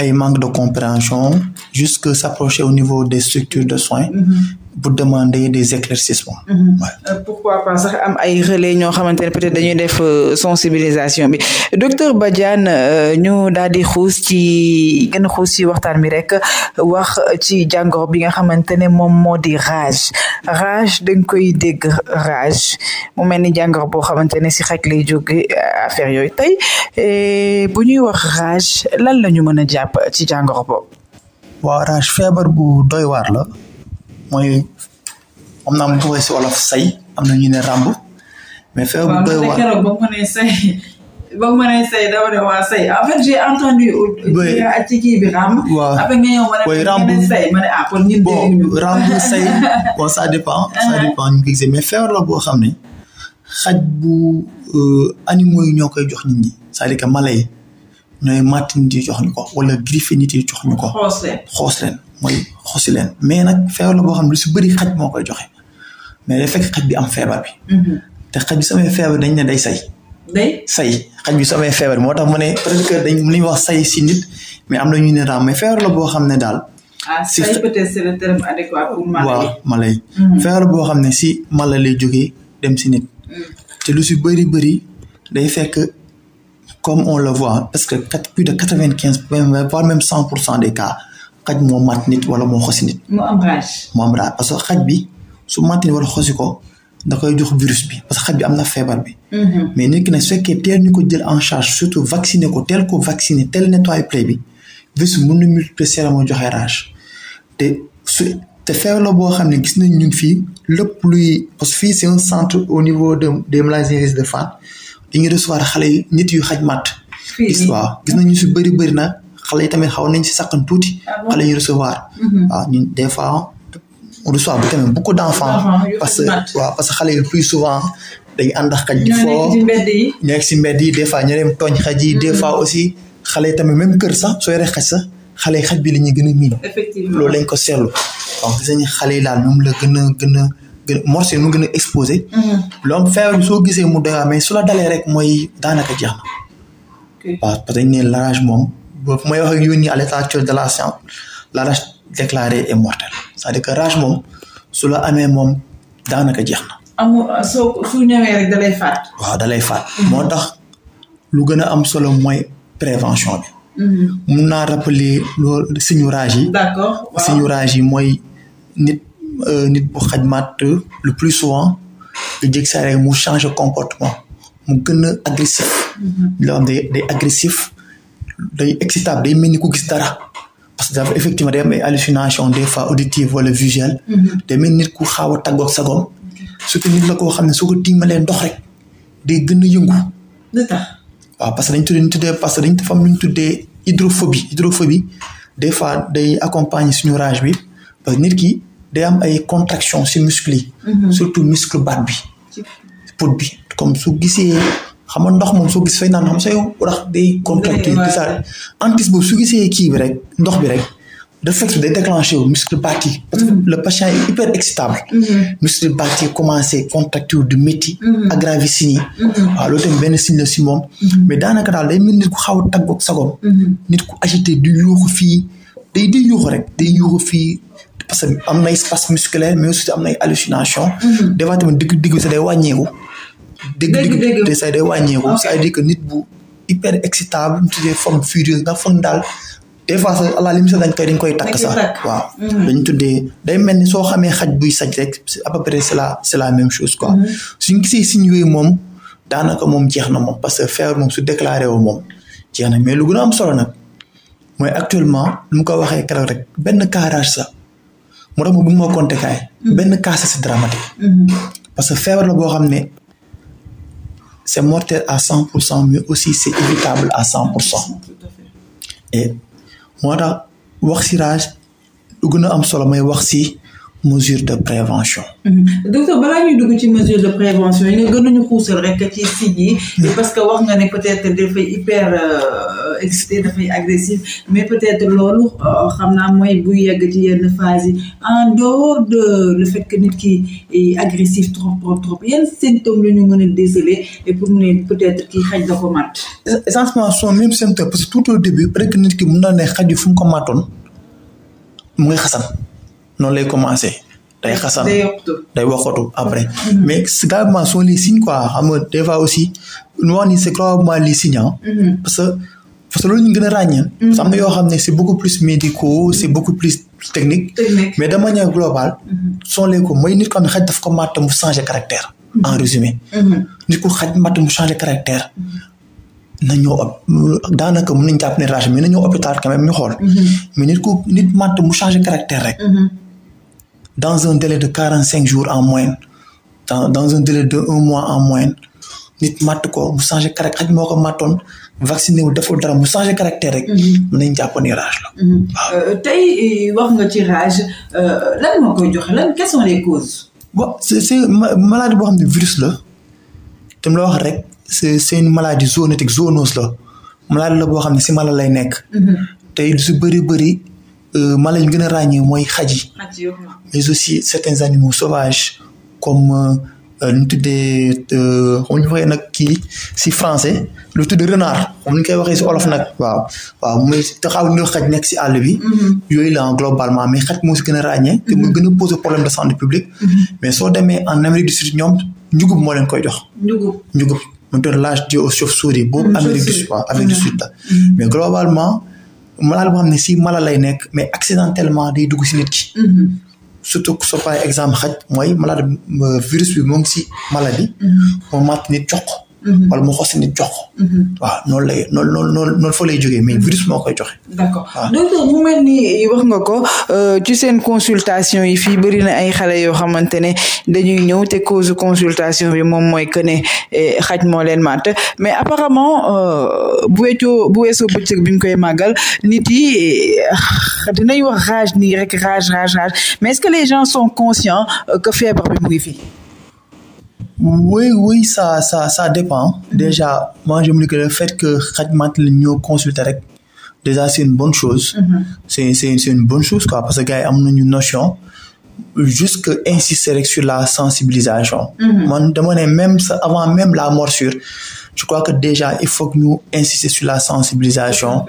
ay manque de compréhension jusque s'approcher au niveau des structures de soins mm-hmm. pour demander des éclaircissements. Mm-hmm. Euh, pourquoi pas sax am ay relais ñoo xamante ne peut-être dañuy def euh, sensibilisation bi docteur Badiane euh, ñu daal di xuus ci gën a xuus ci waxtaan bi rek wax ci jàngoro bi nga xamante ne moom moo di rage rage dañ koy dégg rage mu mel ni jàngoro boo xamante ne si xaj lay jóge affaire yooyu tey bu ñuy wax rage lan la ñu mën a jàpp ci jàngoro boobu. waaw rage feebar bu doy waar la. mooy am naa mu tuddee si wolof say am na ñu ne ràmb. mais feebar bu doy waar ba mu say ba mu ne say dama ne waa say en fait j'ai entendu. mais feebar la boo xam ne xaj bu euh, animaux ñoo koy jox nit ñi c'est-à-dire que mala yi ñooy màtt jox ñu ko wala griffe nit yi jox ñu ko. xoos leen mooy xosi leen mais nag feew la boo xam ne lu si bëri xaj moo koy joxe mais day fekk xaj bi am feebar bi. Mhm. te xaj bi samay dañ ne day say. day say xaj bi samay moo tax mu ne peut-être wax say si mais am na ñu ne mais feebar la boo xam ne daal. ah say peut-être c'est le mhm. boo xam ne si mala lay jógee dem si nit. Mhm. lu si bëri bëri day fekk. comme on le voit parce que plus de quatre vingt quinze voire même cent pour cent des cas xaj moo mat nit wala moo xosi nit. moo am rage. parce que xaj bi su mat nit xosi ko da koy jox virus bi parce que xaj bi am na feebar bi. Mm-hmm. mais nit na nag su fekkee teel ñu ko jël en charge surtout vacciner ko teel ko vacciner teel nettoyer plaie bi virus bi mën na multiplier seera moo joxe rage te su. te feebar boo xam ne gis nañ ñun fii lépp luy parce que fii c'est centre au niveau de des Mélanes de Fann dañuy recevoir xale yi nit yi xaj matt. gis waaw gis na ñu si bëri bëri na xale yi tamit xaw nañ si sakkan tuuti. Ah xale yu recevoir. waaw mm-hmm. ah, ñun des fois on reçoit bu tamit beaucoup d' enfants. parce que waaw parce xale yu souvent. dañu ànd ak xaj di si mbedd yi des fois ñu tooñ xaj yi des mm-hmm. fois aussi xale yi tamit même kër sax soo yoree xaj sax xale yi xaj bi la ñuy gën a miin loolu lañ ko seetlu donc xale yi daal moom la gën a gën a gën mu gën a exposé mm-hmm. loolu soo gisee mu doyaa mais su la dalee rek mooy daanaka jeex na waaw parce que dañ ne moom fu may wax ak yónni à l'état actuel de la science la rage déclarée est mortelle cest que rage moom su amee moom daanaka jeex na. amul soo su rek da faat. Mhm. moo tax lu gën a am solo mooy prévention bi. Mhm. mun naa rappeler loolu suñu rage yi. d'accord rage yi mooy nit euh, nit xaj xajmaat le plus souvent nga jég saa mu changer comportement mu gën a agressif. Mhm. loo xam agressif. day excitable day mel ni ku gis dara parce day am ay hallucination des fois auditive wala mm-hmm. day mel nit ku xaaw a tàggoog sagoom surtout nit la koo xam ne soo ko tiimalee ndox a yëngu parce que dañ tuddee tuddee parce que dañ dafa am lu ñu tuddee hydrophobie hydrophobie des fois day accompagner suñu rage bi nit ki day am ay contraction si mm-hmm. muscle yi baat bi pote bi comme su gisee xam nga ndox moom soo gis fay naan xam sa yow ndax day contracté di sa antis boobu su gisee kii rek ndox bi rek da fekk day déclenché wu muscle bâti parce que mm-hmm. le patient est hyper excitable mm-hmm. muscle bâti commencé contracture du métti mm-hmm. aggravé signes yi waaw loolu benn si moom mais daanaka daal day mel nit ku xaw a taggoog nit ku agité du yuuxu fii day day yuuxu rek day yuuxu fii parce que am nay spasme musculaire mais aussi am nay hallucination des fois tamit digg wàññeeku dégg-dégg te say day wàññeeku ah, ça veut dire que nit bu hyper excitable ñu tuddee forme furieuse nga foog daal des fois sax à la limite dañ koy takk sax waaw mm-hmm. dañ tuddee day mel ni soo xamee xaj buy saj rek à peu près la c'est la même chose quoi mm-hmm. suñ gisee signe yooyu moom daanaka moom jeex na moom parce que feebar moom su déclaré woo moom jeex na mais lu gën am solo nag mooy actuellement lu mu ko waxee keroog rek benn carage sax mu tax ma bu ma kaay mm-hmm. benn cas c'est dramatique parce que la boo xam ne c'est mortel à 100% mais aussi c'est évitable à 100% et moo tax wax ci rage lu gën a am solo may wax si mesure de prévention. Mhm. docteur balaa ñuy dugg ci mesure de prévention yi nga gënuñu xuusal rek ci signe yi. Mm. parce que wax nga ne peut-être dafay hyper euh, excité dafay agressif mais peut-être loolu euh, xam naa mooy bu yegg ci yenn phase yi en dehors de le fait que nit ki agressif trop trop trop yan symptômes la ñu mën a déceler et pour ne peut-être kii xaj da ko mat. essentiellement son même symptôme parce que tout au début peut que nit ki mën naa ne xaj fu mu ko matoon noonu lay commencé day xasan day waxatu après mm-hmm. mais gravement sont les signes quoi xam nga des fois aussi ñu wax ni se gravement ah. mm-hmm. gën a ràññee mm-hmm. parce yoo xam ne c'est beaucoup plus médicaux c'est beaucoup plus technique mais de manière globale sont ko mooy nit ko am xaj daf ko mat mu changer caractère en résumé nit ko xaj màtt mu changer caractère na ñëw daanaka mun nañ jàpp ne rage mais na ñëw hôpital quand même ñu xool mais nit ku nit màtt mu changer caractère rek dans un délai de quarante cinq jours en moyenne dans dans un délai de un mois en moyenne nit matt ko mu changé caractère xaj moo ko mattoon vacciné wu deful dara mu changé caractère rek. mën mhm. nañu jàpp ni rage la. Mhm. waaw euh, tey eh, wax nga ci rage euh, lan moo koy joxe lan quelles sont les causes. boo xam ne virus la te mu la wax rek c'est maladi une maladie zoonotique zoonose la maladie la boo xam ne si mala lay nekk. Mhm. tey si bëri bëri. Euh, mala ñu gën a ràññee mooy xaj yi mais aussi certains animaux sauvages comme euh, ñu tuddee xam euh, ñu waxee nag kii si français lu tuddee renard xam ñu koy waxee si olof nag waaw waaw mooy taxaw nu xaj nekk si àll bi mm-hmm. yooyu la globalement mais xaj moo si gën a ràññee te mu mm-hmm. gën a poser problème de santé publique mm-hmm. mais soo demee en Amérique du Sud ñoom njugub moo leen koy jox njugub mu doon l'âge dû aux chauves-souris boobu Amérique du Sud la mais globalement mala boo xam ne si mala lay nekk mais accidentellement day dugg si nit ki. Mm-hmm. surtout soo par exemple xaj mooy malade euh, virus bi mu ngi si mala bi. moo mm-hmm. mat nit jox Mhm. wala mu xos nit jox ko. Mhm. waaw noonu lay noonu noonu noonu fa lay jógee mais mhm. virus moo koy joxe. d'accord docteur mu mel ni wax nga ko euh, ci seen consultation yi fii bëri na ay xale yoo xamante ne dañuy ñëw te cause consultation bi moom mooy que ne eh, xaj moo leen màtt mais apparemment euh, bu weccoo bu weesoo bëccëg bi ñu koy màggal nit yi eh, dinañ wax rage nii rek rage rage mais est-ce que les gens son conscients euh, que feebar bi mu ngi fi. oui oui ça ça ça dépend déjà moi je me dis que le fait que xajmat la ñoo consulter rek déjà c'est une bonne chose. Mm-hmm. c'est une bonne chose quoi parce que gars yi am nañu notion. que insister rek sur la sensibilisation. Mm-hmm. man dama même avant même la morsure je crois que déjà il faut que ñu insister sur la sensibilisation.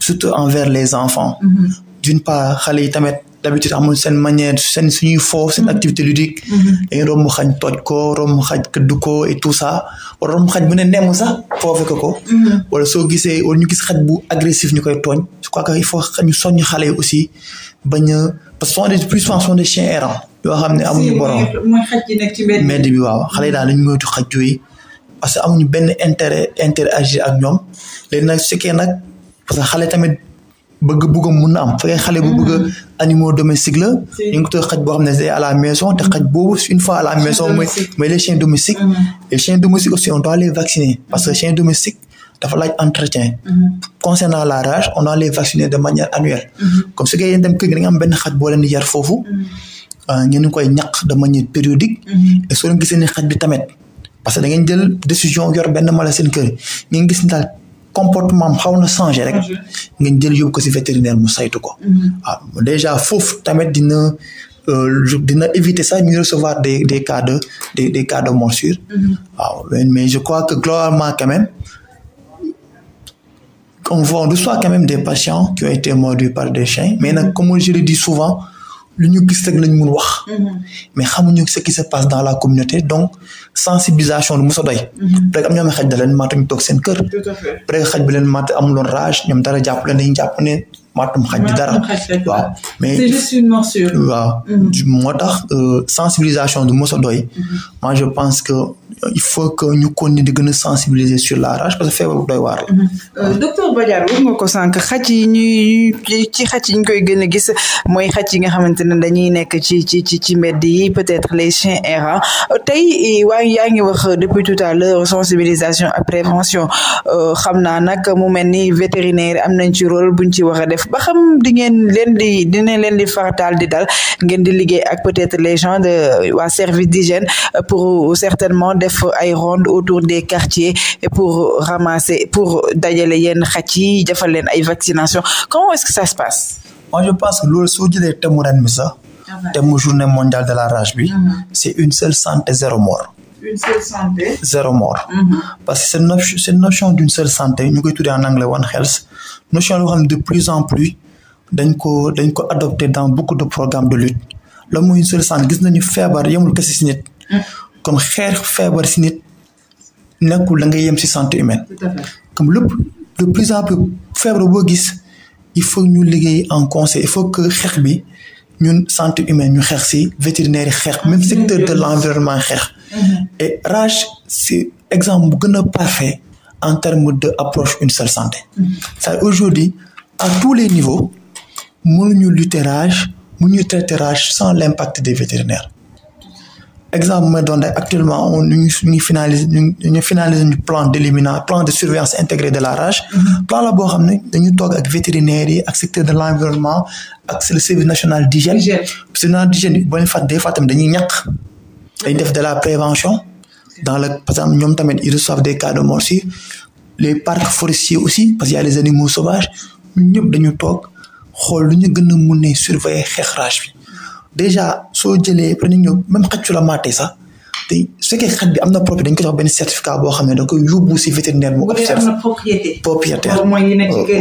surtout envers les enfants. Mm-hmm. d'une part xale yi d'habitude amuñ seen manière seen suñuy foofu seen mhm. activité ludique mhm. dañuy romb xaj toj ko romb xaj këddu ko et tout ça wala romb xaj bu ne nemm sax foofu ko ko mhm. wala soo gisee wala ñu gis xaj bu agressif ñu koy tooñ je crois que il faut ñu soññ xale yi aussi bañ a parce que sont des plus souvent sont des yoo xam ne amuñu borom mbedd bi waaw xale daal dañu moytu xaj yooyu parce que amuñu benn intérêt interagir ak ñoom léegi nag su fekkee nag parce que xale tamit bëgg bëggam mun na am fekkee xale bu bëgg mm-hmm. animaux domestiques la ñu ngi koy xaj boobu une fois la maison mooy mooy les chiens domestiques mm-hmm. les chiens domestiques aussi on vacciner parce que chien domestique dafa laaj entretien mm-hmm. concernant la rage on doit vacciner de manière annuelle comme su fekkee yéen kër nga am benn xaj boo leen di foofu euh, ngeen ngi koy ñaq de manière périodique et soo leen xaj bi tamit parce que da ngeen décision yor benn mala comportement xaw na changé rek nga jël yóbbu ko si vétérinaire mu saytu ko waaw mhm. ah, déjà foofu tamit dina euh, dina éviter sax ñuy recevoir des des cas de des de morsure waaw mhm. ah, mais je crois que globalement quand même on voit on reçoit quand même des patients été mordus par des chiens mais nag mhm. comme je le souvent lu ñu gis rek lañ mun wax. Mm-hmm. mais xamuñu ce qui se passe dans la communauté donc sensibilisation du mos a doy. Mm-hmm. peut am ñoo xaj da leen maatuñu toog seen kër. peut-être xaj bi leen maat amuloon rage ñoom dara jàpp leen dañuy jàpp ne matum xaj du dara waaw mais c'est waaw mm-hmm. moo tax euh, sensibilisation du mos a doy mm-hmm. moi je pense que euh, il faut que ñu continuer di gën a sensibiliser sur la rage parce que feebar bu doy waar la mm-hmm. euh, docteur Badiane sànq xaj yi ci xaj yi ñu koy gën a gis mooy xaj yi nga xamante ne dañuy nekk ci ci ci ci mbedd yi peut-être les chiens errants tey eh, waa yaa ngi wax depuis tout à l'heure sensibilisation ak prévention xam naa nag mu mel ni vétérinaire am nañ ci rôle buñ ci wax a def ba xam di ngeen leen di dina leen di farataal di dal ngeen di liggéey ak peut-être les gens de waa service d'hygiène pour certainement def ay ronde autour des quartiers pour ramasser pour dajale yenn xaj yi defal leen ay vaccination comment est-ce que ça se passe moi je pense que loolu soo jëlee thème ren bi sax ah thème journée mondiale de la rage bi mm-hmm. c'est une seule santé zéro mort une seule mm-hmm. parce que cette notion cette notion d'une seule santé ñu koy tuddee en anglais one health notion loo xam ne de plus en plus dañ ko dañ ko adopté dans beaucoup de programmes de lutte la muy une seule santé gis nañu feebar yemul kese si nit. Mm-hmm. kon xeer feebar si nit nekkul la nga yem si santé humaine. comme lépp de plus en plus feebar boo gis il faut ñu liggéey en conseil il faut que xeex bi ñun santé humaine ñu xeex si vétérinaire yi xeex même secteur de mm-hmm. l'environnement xeex. et rage c'est exemple bu gën a parfait en termes de approche une seule santé c'est mm-hmm. aujourd'hui à tous les niveaux mënuñu lutter rage mënuñu traiter rage sans l'impact des vétérinaires exemple bu may doon actuellement on ñu ñu finalise ñu ñu finalise ñu plan d'élimination plan de surveillance intégrée de la rage. Mm-hmm. plan la boo xam ne dañu toog ak vétérinaires yi ak secteur de l'environnement ak le service national d'hygiène. service national d'hygiène boo leen fàtte day fàtte dañuy ñàkk. dañ def de la prévention dans le parce que ñoom tamit ils reçoivent des cas de morsure les parcs forestiers aussi parce que y a les animaux sauvages ñëpp dañu toog xool lu ñu gën a mun a surveiller xeex rage bi déjà soo jëlee pare nañu même xëccu la maatee sax te su fekkee xaj bi am na propriété dañ ko jox benn certificat boo xam ne da koy yóbbu si vétérinaire mu. observe propriétaire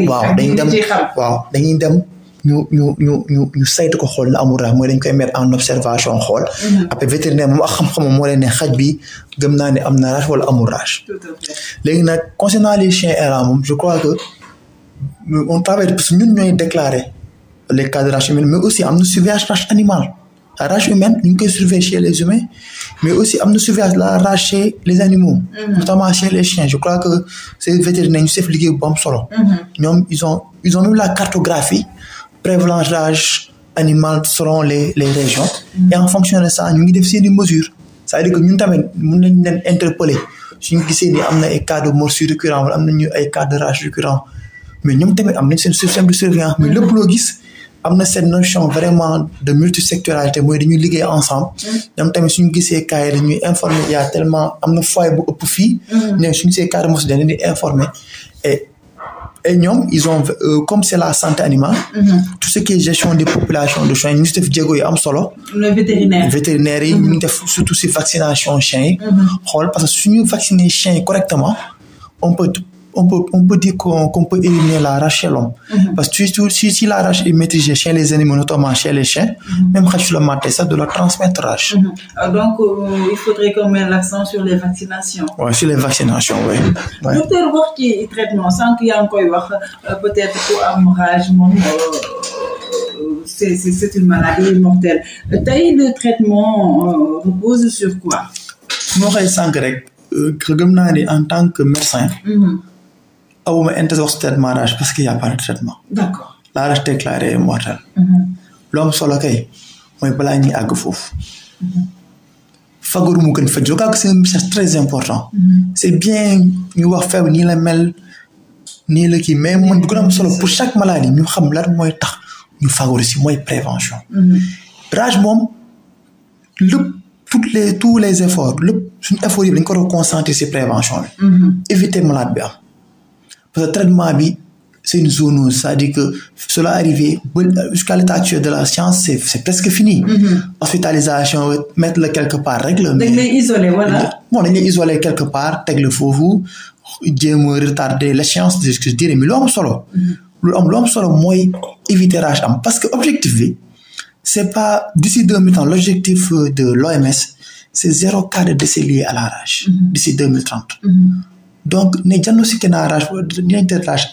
waaw dañ dem waaw dañuy dem. ñu ñu ñu ñu ñu ko xool la amul rax mooy dañ koy mettre en observation xool mhm. après vétérinaire moom a xam-xamam moo leen ne xaj bi gëm naa ne am na rage wala amul rage léegi nag concernant les chiens errants je crois que on travaille parce que ñun ñooy déclarer les cas de mais aussi am na surveillance rage animale la rage humaine ñu ngi koy surveiller chez les humains mais aussi am na surveillance la rage les animaux mhm. notamment chez les chiens je crois que ces vétérinaires ñu seef liggéey bu am solo mhm. la cartographie prévalençage animal selon les les régions. et en fonction de ñu ngi dem seen i mesures. cest ñu dire tamit mën nañ leen interpeller suñu gisee ni am na ay cas de morsure récurrent wala am nañu ay cas de rage récurrent mais ñoom tamit am nañ seen système de surveillance mais lépp loo gis am na cette notion vraiment de multisectoralité mooy dañuy liggéey ensemble ñoom tamit suñu gisee cas yi dañuy informer y a tellement am na foyer bu ëpp fii mm-hmm. mais suñu gisee cas de morsure dañ et ñoom ils ont euh, comme c'est la santé animale. Mm -hmm. tout ce qui est gestion des populations de chiens ñu ngi def jéego yu am solo. le vétérinaire vétérinaire yi ñu ngi mhm. def surtout si vaccination chien yi. Mhm. parce que suñu vacciner chien yi correctement on peut on peut on peut dire qu'on qu peut éliminer la rage chez l'homme mm -hmm. parce que si si si la rage est maîtrisée chez les animaux notamment les chiens. Mm-hmm. même xaju la maté de la transmettre rage. Mm-hmm. Ah, donc euh, il faudrait qu'on mette l'accent sur les vaccinations. waaw ouais, sur les vaccinations oui. docteur wax ci traitement sànq yaa ngi koy wax euh, peut-être ku euh, maladie mortelle tey le traitement euh, repose sur quoi. moo koy en tant que médecin. Mm-hmm. au moment intersexe traitement d'âge parce qu'il a pas de traitement. d'accord la reste déclarée solo kay mooy balaa ñuy àgg foofu. Mhm. fagaru mu gën faj loolu c'est un message très important. Mhm. c'est bien ñu wax feew nii la mel nii la kii mais man bu solo pour chaque maladie ñu xam lan mooy tax ñu fagaru si mooy prévention. Mhm. rage moom lépp toutes les tous les efforts lépp suñu effort yi dañu ko doon concentrer si prévention bi. éviter malade bi am. parce que traitement bi c'est une zoonose cest à que cela arrivé ba jusqu'à l'état de la science c'est presque fini. Mm-hmm. hospitalisation mettre quelque part rek la. dañ quelque part teg foofu jéem a retardé l'échéance de ce que je dirais mais lu am solo. Mm-hmm. lu am lu am solo mooy éviter am parce que objectif bi c'est pas d'ici deux mille trente l'objectif de l'OMS c'est zéro cas de décès à la rage. Mm-hmm. d'ici deux donc ne diagnostic naa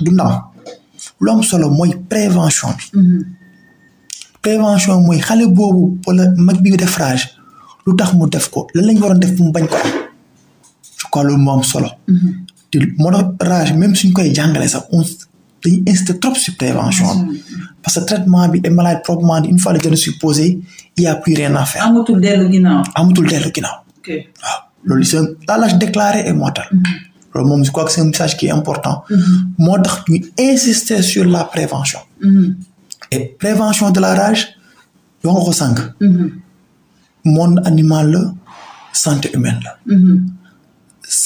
du ndaw lu am solo mooy prévention bi. Mhm. prévention mooy xale boobu wala mag bi def rage lu tax mu def ko lan lañ waroon def mu bañ ko am solo. Mhm. te moo rage même suñ koy jàngale sax on dañuy insister trop sur prévention bi. Mhm. parce que traitement bi est malade proprement dit une fois le diagnostic posé il y a plus rien amatul dellu ginnaaw. a loolu c'est la lâche déclarée est mortelle. loolu moom crois que c'est un message qui est important mm-hmm. moo tax ñu insister sur la prévention mm-hmm. et prévention de la rage yoo nga ko sànq mm-hmm. monde animal la santé humaine la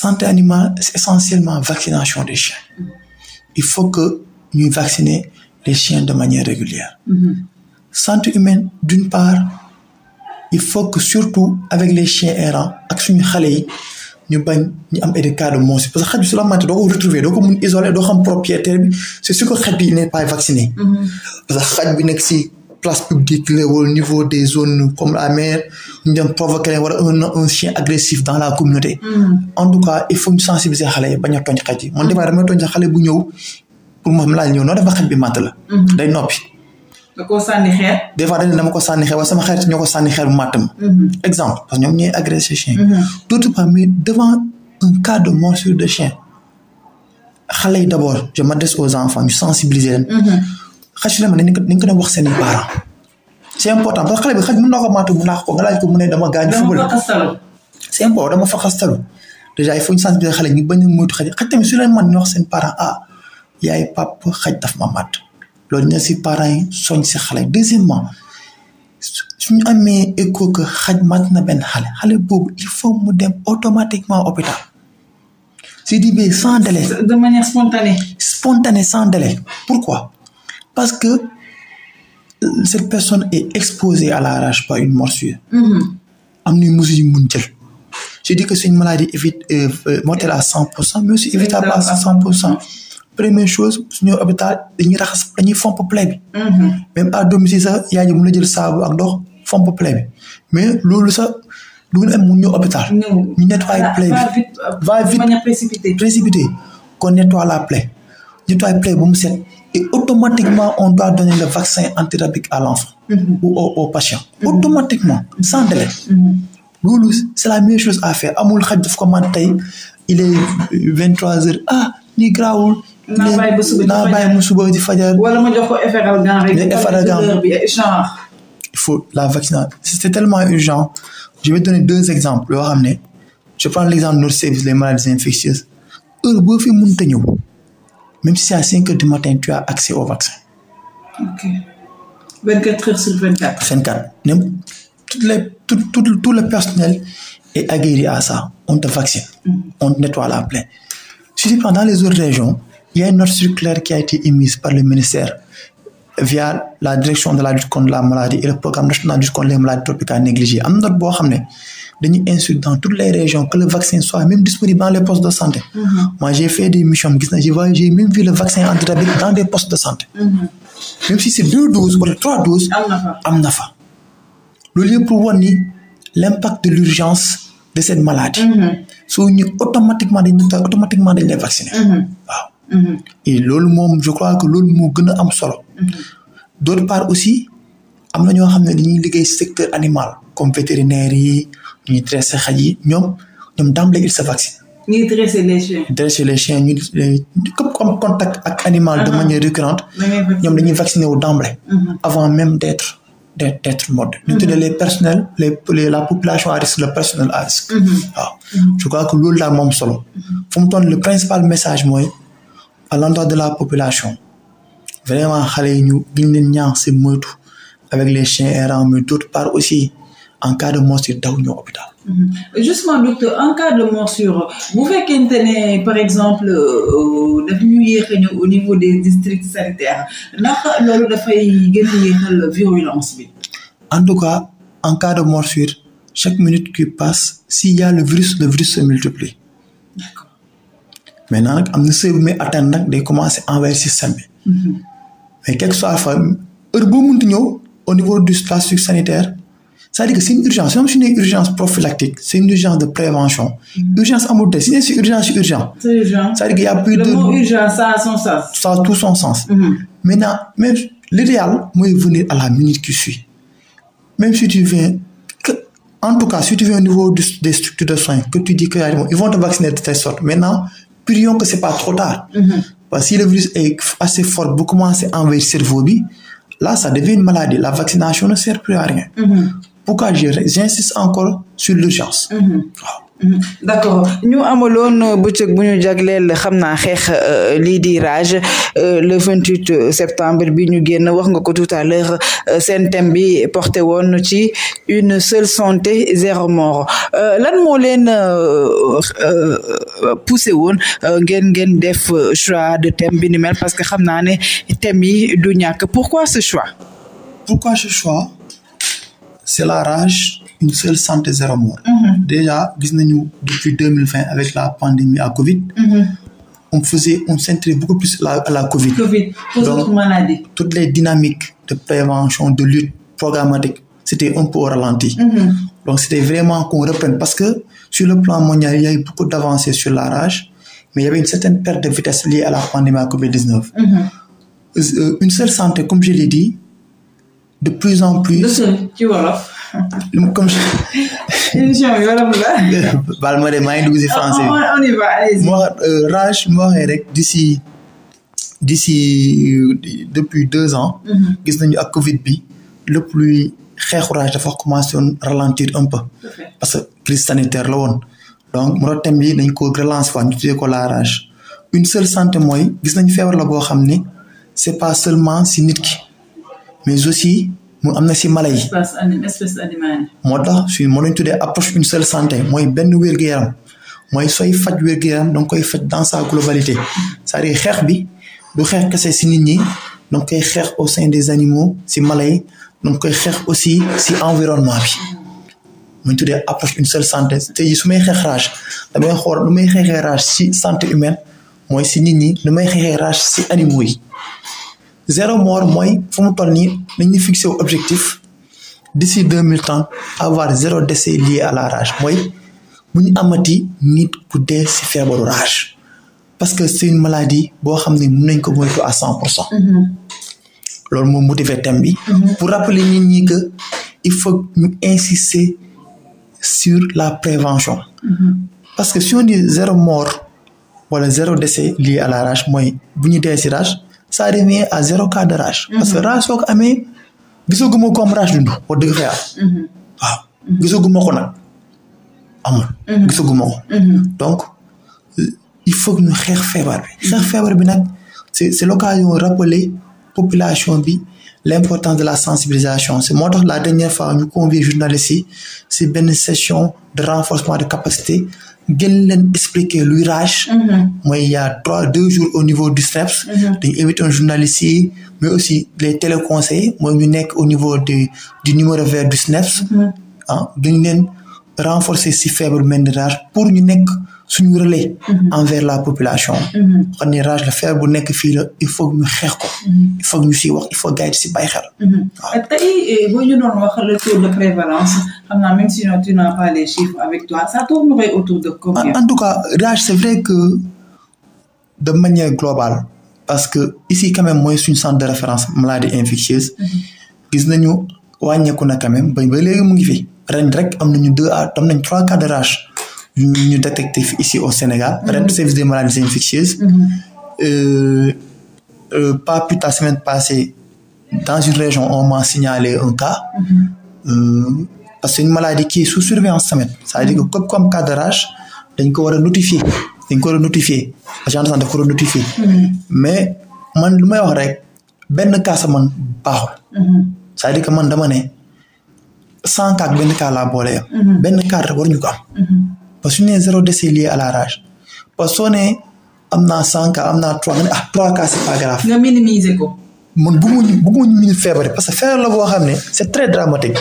santé animale c'est essentiellement vaccination des chiens il faut que ñuy vacciner les chiens de manière régulière santé humaine d'une part il faut que surtout avec les chiens errants ak suñu xale ñu bañ ñu am des cas de monstre parce que xaj bi su la màttee doo ko retrouver doo ko mun isoler doo xam propriétaire bi c'est sûr que xaj bi il si mm-hmm. place publique la wala niveau des zones comme la mer ñu dem provoquer wala un un chien agressif dans la communauté mm-hmm. en tout cas il faut ñu sensibiliser xale yi bañ a tooñ xaj yi man dama dama tooñ xale bu ñëw pour moom laa ñëw noo dafa xaj bi màtt la mm-hmm. day noppi da koo sànni xeer. dama ko sànni xeer wala sama xarit ñoo ko sànni xeer bu mhm. exemple parce ñoom ñooy agressé chien. d'autre mhm. part mais devant un cas de morsure de chien xale yi d' abord je m'adresse aux enfants ñu sensibiliser leen. Mhm. xaj na ma nañu ko nañu ko doon wax seen i parents. c' est important parce que xale bi xaj mën naa ko màttu mu naax ko nga laaj ko mu ne dama gaañ. dama faxastalu c' important dama faxastalu déjà il faut ñu sensibiliser xale ñu bañ a moytu xaj xaj tamit su leen man ñu wax seen parents ah yaay pap xaj daf ma màtt. loolu ñu si parents yi soñ si xale deuxièmement suñu amee écho que xaj màgg na benn xale xale boobu il faut mu dem automatiquement hôpital Sidibé sans délai. de manière spontanée. spontanée sans délai pourquoi parce que euh, cette personne est exposée à l'arrache par une morsure. Mm-hmm. am na mesures yu mun jël. je dis que c'est une évite euh, euh, mortelle à cent pour cent mais aussi évitable à cent pour cent. première chose suñu hôpital dañuy raxas dañuy fomp plaie bi. Mhm. même à domicile sax yaa ngi mën a jël saabu ak ndox fomp plaie bi mais loolu sax lu ngeen am mu ñëw hôpital. ñu nettoyer plaie bi va vite euh, va la plaie nettoyer plaie bu mu set. et automatiquement on doit a le vaccin antirabique à l'enfant mm patient mhm. automatiquement sans délai mhm. c'est la meilleure chose à faire amul xaj daf ko man tey il est vingt trois heures ah lii grawul naa bàyyi ba suba di fajar naa bàyyi ba suba il faut la vaccination c'est tellement urgent je vais donner deux exemples yoo xam ne je prends l'exemple de notre service les maladies infectieuses heure boo fi mënta ñëw même si c'est à cinq heures du matin tu as accès au vaccin. toutes les tout tout tout le personnel est aguerri à ça ont te vaccine. Mm. on nettoie la plaine. si tu dans les autres régions. Il y a une note qui a été émise par le ministère via la direction de la lutte contre la maladie et le programme national de lutte contre les maladies tropicales négligées am boo xam ne dañuy insulte dans toutes les régions que le vaccin soit même disponible dans les postes de santé. Mm -hmm. moi j'ai fait des missions gis na j'ai vu j'ai mm-hmm. si c'est deux doses wala trois doses. am na fa loolu yëpp pour wan ni l'impact de l'urgence de cette maladie. Mm-hmm. soo ñu automatiquement dañ automatiquement dañ lay vacciner mm-hmm. et loolu moom je crois que loolu moo gën a am solo. Mm-hmm. d'autre part aussi am na ñoo xam ne dañuy liggéey secteur animal comme vétérinaire yi ñuy dresser xaj yi ñoom ñoom d'emblée ils se vaccinent. ñuy dresser les les chiens ñu képp ku am contact ak animal de manière récurrente. ñoom dañuy vacciner wu d'emblée. Mm-hmm. avant même d'être d'être d'être mort. ñu mm-hmm. tuddee les personnels les les la population à risque le personnel à risque. je crois que loolu daal moom solo. fu mu toll le principal message mooy. à l'endroit de la population vraiment xale yi ñu gën leen ñaax si moytu avec les chiens errants mais d'autre part aussi en cas de morsure daw hôpital. Mm-hmm. justement docteur en cas de bu fekkente par exemple euh, daf ñu yéex a au niveau des districts sanitaires ndax loolu dafay gën a virulence bi. en tout cas en cas de morsure chaque minute qui passe s'il y a le virus le virus se multiplie. d'accord. maintenant nag am na seuil bu muy atteindre nag day commencer envers système bi. Mm-hmm. mais quelque soit fa heure boo mënti ñëw au niveau du statut sanitaire c'est-à-dire que c'est une urgence même su ñu nee urgence prophylactique c'est une urgence de prévention. Mm-hmm. urgence amul tey si nee si urgence urgence. c'est urgent que y a plus de. le mot mm-hmm. si tu viens. en tout cas si tu viens au niveau des structures de soins que tu dis que ils vont te vacciner de telle sorte prions que c'est pas trop tard. Mm-hmm. parce que si le est assez fort bu commencer envahir cerveau bi là ça devient maladie la vaccination ne sert plus à rien. Mm-hmm. pourquoi j'insiste encore sur l'urgence. Mm-hmm. waaw Mm-hmm. d'accord ñu amaloon euh, bëccëg bu ñu jagleel xam naa xeex euh, lii di rage euh, le vingt-huit septembre bi ñu génn wax nga ko tout à l'heure seen thème bi porté woon ci une seule santé zéro mort lan moo leen poussé woon ngeen ngeen def choix de thème bi ni mel parce que xam naa ne thème yi du ñàkk pourquoi ce choix pourquoi ce choix c'est la rage une seule santé zéro mort. Mm-hmm. déjà gis nañu depuis avec la pandémie à Covid. Mm-hmm. on faisait on centrait beaucoup plus la à la Covid. donc toutes les dynamiques de prévention de lutte programmatique c'était un peu ralenti. Mm-hmm. donc c'était vraiment qu'on reprenne parce que sur le plan mondial il y a beaucoup d'avancées sur la rage mais y avait une certaine perte de vitesse liée à la pandémie à Covid-19. Euh, une seule santé comme je l'ai dit de plus en plus. de comme baal ma de maa ngi dugg si français bi. on rage mu waxee rek d'ici d'ici depuis deux ans. Mhm. gis nañu ak Covid bi lépp luy xeexu rage dafa commencé woon ralentir un peu. parce que crise sanitaire la woon. donc mu doon thème bi dañ ko relance quoi ñu tuddee ko la rage. une seule santé mooy gis nañu feebar la boo xam ni c'est pas seulement si nit ki mais aussi. mu am na si mala yi. moo tax suñu mënuñ tuddee approche une seule santé mooy benn wér yaram mooy sooy faj wér-gu-yaram danga koy faj dans sa globalité cest à xeex bi du xeex kese si nit ñi danga koy xeex au des animaux si mala yi danga koy xeex aussi si environnement bi. mu tuddee approche une seule santé tey jii su may xeex rage damay xool lu may xeexee rage si santé humaine mooy si nit ñi lu may xeexee rage si animaux yi zéro mort mooy fu mu toll nii nañu fixé wu objectif d'ici deux mille temps avoir zéro décès lié à la rage mooy bu ñu amati nit ku dee ci feebaru rage parce que c'est maladie boo xam ne mën nañ ko moytu à cent pour cent mm-hmm. loolu moo motiver thème bi mm-hmm. pour rappeler nit ñi que il faut ñu insister sur la prévention mm-hmm. parce que si on dit zéro mort wala voilà, zéro décès lié à la rage mooy bu ñu dee ci rage ça revient à zéro cas de rage. parce que mhm. rage soo ko amee gisaguma ko am rage dund wax dëgg fa yàlla. Mhm. waaw mhm. ko nag amul. gisaguma ko. donc il faut que xeex feebar bi. xeex feebar bi nag c'est c'est l'occasion rappeler population bi. l'importance de la sensibilisation si moo tax la dernière fois ñu convié journalistes si ci benn session de renforcement de capacité gën leen expliquer luy rage. Mm-hmm. mooy il trois deux jours au niveau du SNEPS. Mm-hmm. dañu invité un journaliste mais aussi les téléconseils mooy ñu nekk au niveau de du numéro vert du SNEPS. Mm-hmm. ah dañu leen renforcer si feebar mel ni rage pour ñu nekk. suñu relais. Mhm. envers la population. Mhm. xam ne rage la fer bu nekk fii la il faut ñu xeex ko. Mhm. il faut ñu si wax il faut gars yi si bàyyi eh, eh, de prévalence de combien. en tout cas rage c'est vrai que de manière globale. parce que ici quand même mooy suñu centre de référence maladie infectieuse. gis nañu wàññeeku na quand même ba léegi mu ngi fi. ren rek am nañu deux à am nañu trois cas de rage. ñu détecté ici au Sénégal. Mhm. ren service des maladies infectieuses. Mhm. Euh, euh, pas plus tard semaine passée dans une région on m'a signalé un cas. Mhm. Euh, parce que c'est une maladie qui est sous surveillance tamit c'est-à-dire que comme comme cas de rage dañ ko war a notifier dañ ko war a notifier de santé daf ko notifier mais man lu may wax rek benn cas sa man baaxul cest dire que man dama ne cent cas benn cas laa boole yam benn cas rek waruñu parce que su ñu zéro décès lié à la rage parce que soo nee am na cent cas am naa trois nga ne ah trois cas c'est pas grave. nga minimiser ko. man bëgguñu bëgguñu minimiser feebar parce que feebar la boo xam ne c'est très dramatique.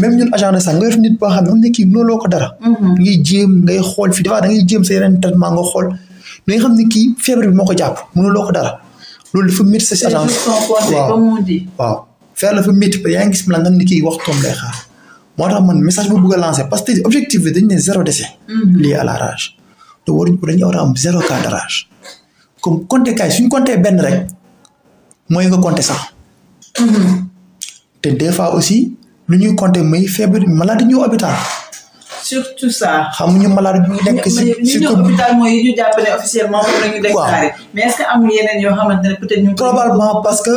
même ñun agent de santé nga def nit boo xam ne am na kii looloo ko dara. Mm-hmm. ngay jéem xool fii dafa da ngay jéem sa yeneen traitement nga xool xam ne kii feebar bi moo ko jàpp mënuloo ko dara loolu dafa métti sa agent. waaw waaw feebar la fa métti ba yaa ngi gis mu la nga ne kii waxtoom lay xaar. moo tax man message bu bëgg a lancer parce que objectif bi dañ ne zéro décès. Mhm. lié à la rage. te waruñu dañu war a am zéro cas de comme compter kaay suñu compter benn rek mooy nga compter sax. Mhm. te des fois aussi lu ñuy compter muy feebar malade ñu hôpital. surtout ça. xamuñu malade bi ñu nekk si si ñu hôpital mooy yi ñu officiellement moom la ñu déclaré. parce que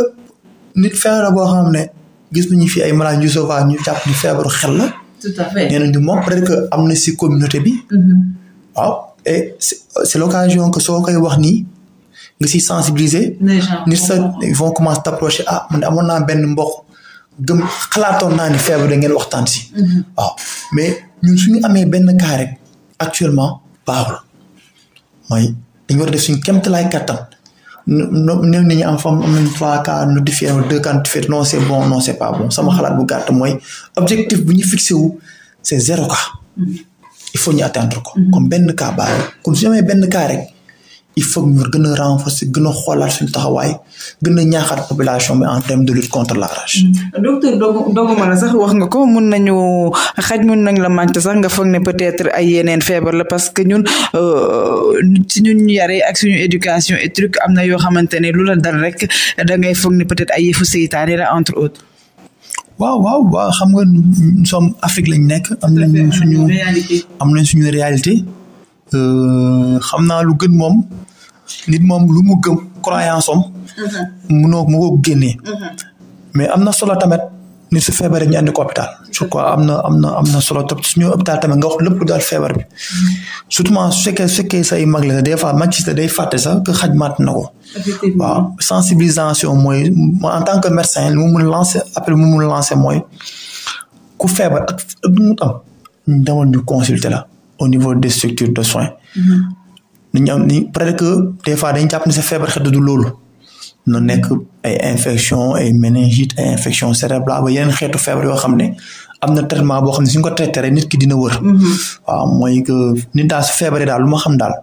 nit feebar boo xam ne. gis nañu fi ay maladies yu souvent ñu jàpp ni feebaru xel la. tout à fait moom peut-être am na si communauté bi. Mm-hmm. waaw et c'est l'occasion soo koy wax ni nga siy sensibiliser. nit sa ils vont commencer t'approcher ah man amoon naa benn mbokk gëm xalaatoon naa ni feebar da ngeen waxtaan si. Mm-hmm. mais ñu suñu amee benn cas actuellement baaxul mooy dañu war a def suñu kéemtalaay kattan. no néew nañu am fam am nañ trois cas notifié deux cas notifié non c' est bon non c' pas bon sama mm-hmm. xalaat bu gàtt mooy objectif bu ñu fixé wu c' est zéro cas mm-hmm. il faut ñu atteindre ko. Mm-hmm. comme benn cas baax kon su ñu amee benn cas il faut ñu gën a renforcer gën a xoolaat suñu taxawaay gën a ñaaxaat population bi en terme de lutte contre la rage. Mm. docteur dogu sax wax nga ko mun nañu xaj mun nañ la màcc sax nga foog ne peut-être a yeneen feebar la parce que ñun euh, ci ñun ñu yaree ak suñu éducation et truc am na yoo xamante ne lu la dal rek da ngay foog ne peut-être ay yëfu seytaane la entre autres. waaw waaw waaw xam nga nous sommes Afrique lañ nekk. am nañu suñu am nañ suñu réalité. Euh, xam naa lu gën moom nit moom lu mu gëm croyance mu mhm. munoo mu ko génnee. Mhm. mais am na solo tamit nit su feebaree ñu andi ko hôpital. je am na am na am na solo trop suñu hôpital tamit nga wax lépp lu daal feebar bi. Mhm. surtout su fekkee su fekkee say mag la des fois man ci day fàtte sax que xaj maat na ko. waaw sensibilisation mooy en tant que médecin li mu mun lancer appel mu mun lancer mooy ku feebar ak ak mu am. ñu demoon ñu la. au niveau des structures de soins. nit ñi am ni peut-être que des fois dañ jàpp ne sa feebar xet du loolu. na nekk ay infection ay méningite ay infection cérébrale ba yeneen xeetu feebar yoo xam ne am na traitement boo xam ne suñ ko traité rek nit ki dina wër. Mm-hmm. waaw mooy que nit daal su feebaree daal lu ma xam daal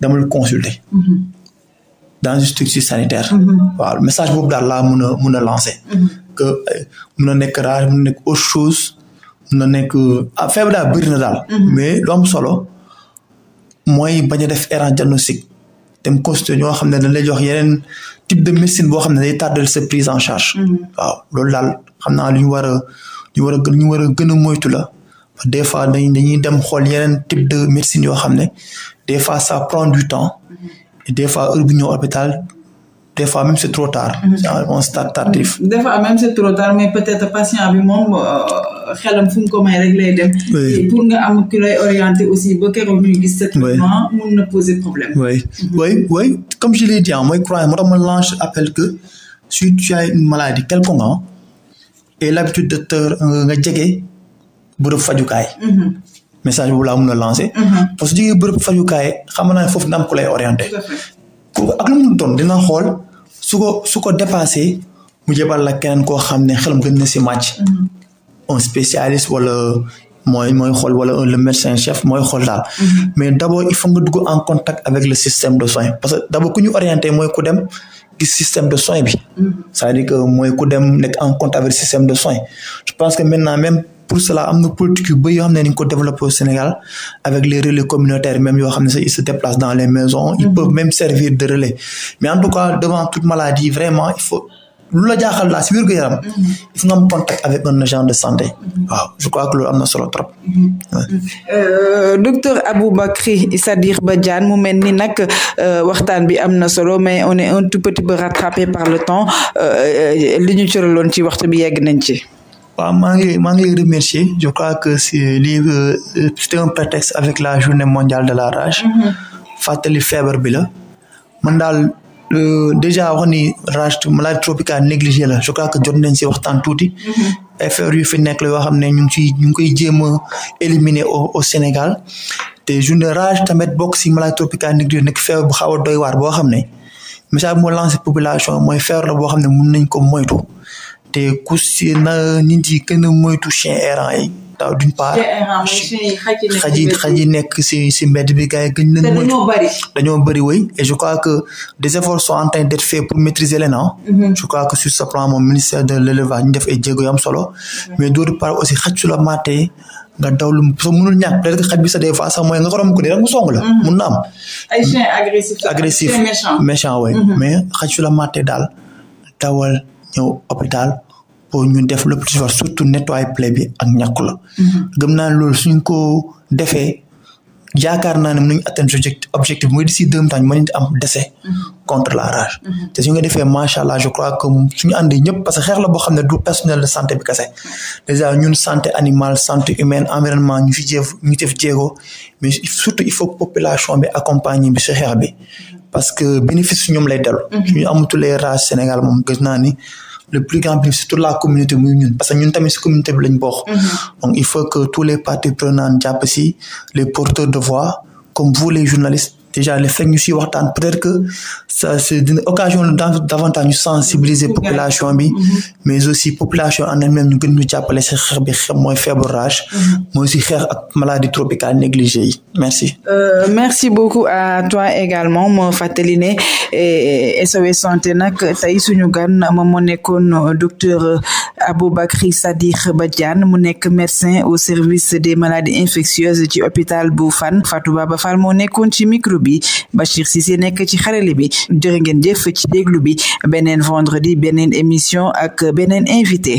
damay consulter. Mm-hmm. dans une structure sanitaire. Mm-hmm. waaw message boobu daal laa mun a mun a lancer. que euh, mun a nekk rare mun a nekk autre chose. na nekk ah feebar daal bëri na daal. Mhm. mais loom solo mooy bañ def errant diagnostic dem consulter ñoo xam ne dañ lay jox yeneen type de médecine boo xam ne day tardel sa prise en charge. Mhm. waaw loolu daal xam naa lu ñu war a lu war a gën ñu war a gën a moytu la des fois dañuy dem xool yeneen type de médecine yoo xam ne des fois ça prend du temps mhm. et des fois heure bu ñëw hôpital. des fois même c'est trop tard. c'est un stade tardif. Mhm. des fois même c'est trop tard mais peut-être patient bi moom euh, xelam fu mu ko may rek pour nga am ku lay aussi ba keroog ñuy gis. ce traitement na poser problème. oui mhm. oui oui comme je l'ai mooy croyant moo tax appel que si tu maladie quelconque ah et l'habitude de te euh, nga jege bërëb fajukaay. Mhm. message boobu mun a lancer. parce jege bërëb fajukaay xam naa foofu ndam ku lay orienté. ak lu mu doon dina xool. su ko su ko dépassé mu jébal la keneen koo xam ne xelam gën na si màcc. Mm-hmm. un spécialiste wala mooy mooy xool wala le médecin chef mooy xool daal. Mm-hmm. mais d' abord il faut nga dugg en contact avec le système de soins parce que d' abord ku ñu orienté mooy ku dem gis système de soins bi. Mm-hmm. cest à mooy ku dem nekk en contact avec le système de soins je pense que maintenant même. pour cela am na politique yu bëri yoo xam ne ni ko développé au Sénégal avec les relais communautaires même yoo xam ne sax ils se déplacent dans les maisons ils mhm. peuvent même servir de relais mais en tout cas devant toute maladie vraiment il faut lu la jaaxal laa si wérgu yaram mhm. il faut nga am contact avec un agent de santé mhm. waaw je crois que loolu am na solo trop euh, docteur Aboubacry ba Badiane mu mel ni nag euh, waxtaan bi am na solo mais on est un tout petit peu rattrapé par le temps euh, li ñu cëraloon ci waxtu bi yegg nañ ci waaw maa ngi maa ngi lay remercier je crois que si lii euh, euh, c'était un prétexte avec la journée mondiale de la rage mm-hmm. fàttali feebar bi la man daal euh, déjà wax ni rage malaat tropicale négligée la je crois que jot nañ si waxtaan tuuti mm-hmm. ay feebar yu fi nekk la yoo xam ne ñu ngi ciy ñu ngi koy jéem a éliminer au au Sénégal te journée rage tamit bokk si maladie tropicale négligée nekk feebar bu xaw a doy waar boo xam ne message bu ma population mooy feebar la boo xam ne mun nañ ko moytu te ku si na nit yi gën a moytu chien errant eh, yi. daaw d'une part xaj yi xaj yi nekk si si mbedd bi gars yi gën leen moytu dañoo bëri wëy e je crois que des efforts sont en train d'être faits pour maîtriser leen ah mhm. je crois que sur sa plan moom ministère de l'élevage ñu def ay jéego yu am solo mhm. mais d'autre part aussi xaj su la maatee nga daw lu sa mënul ñàkk que xaj bi sa des fois sax mooy nga ko romb ko dee rek mu song la mhm. mun na am ay chien agressif agressif méchant way mais xaj su la daal dawal ñëw hôpital pour ñu def le plus fort surtout nettoyer plaie bi ak ñàkku la. Mm-hmm. naa loolu suñ ko defee yaakaar naa ne mënuñ atteindre objectif objectif mooy d'ici deux temps ñu mën am décès mm-hmm. contre la rage. Mm-hmm. te suñ ko defee macha allah je crois que suñu àndee ñëpp parce xeex la boo xam ne du personnel de santé bi kese déjà ñun santé animale santé humaine environnement ñu fi jëf ñu def jéego mais surtout il faut population bi accompagner bi si xeex bi parce que bénéfice ñoom lay dellu. suñu amatulee rage Sénégal moom gis le plus grand bénéfice c'est la communauté muy ñun parce que ñun tamit si communauté bi lañ bokk. Mhm. donc il faut que tous les parties prenantes jàpp si les porteurs de voix comme vous les journalistes. déjà le fait ñu siy waxtaan peut-être que ça c'est une occasion davantage ñu sensibiliser population bi mmh. mais aussi population en elle-même ñu gën ñu jàppale si xeex bi xeex mooy faible rage mmh. mooy si xeex ak maladie tropicale négligée yi merci euh, merci beaucoup à toi également moo fàttali ne SOS eh, santé nag tey suñu gan moom moo nekkoon docteur Aboubacry Sadikh Badiane mu nekk médecin au service des maladies infectieuses ci hôpital bu Fann Fatou Baba Fall moo nekkoon bi Bachir si nekk ci xarale bi jërë ngeen jëf ci déglu bi beneen vendredi beneen émission ak beneen invité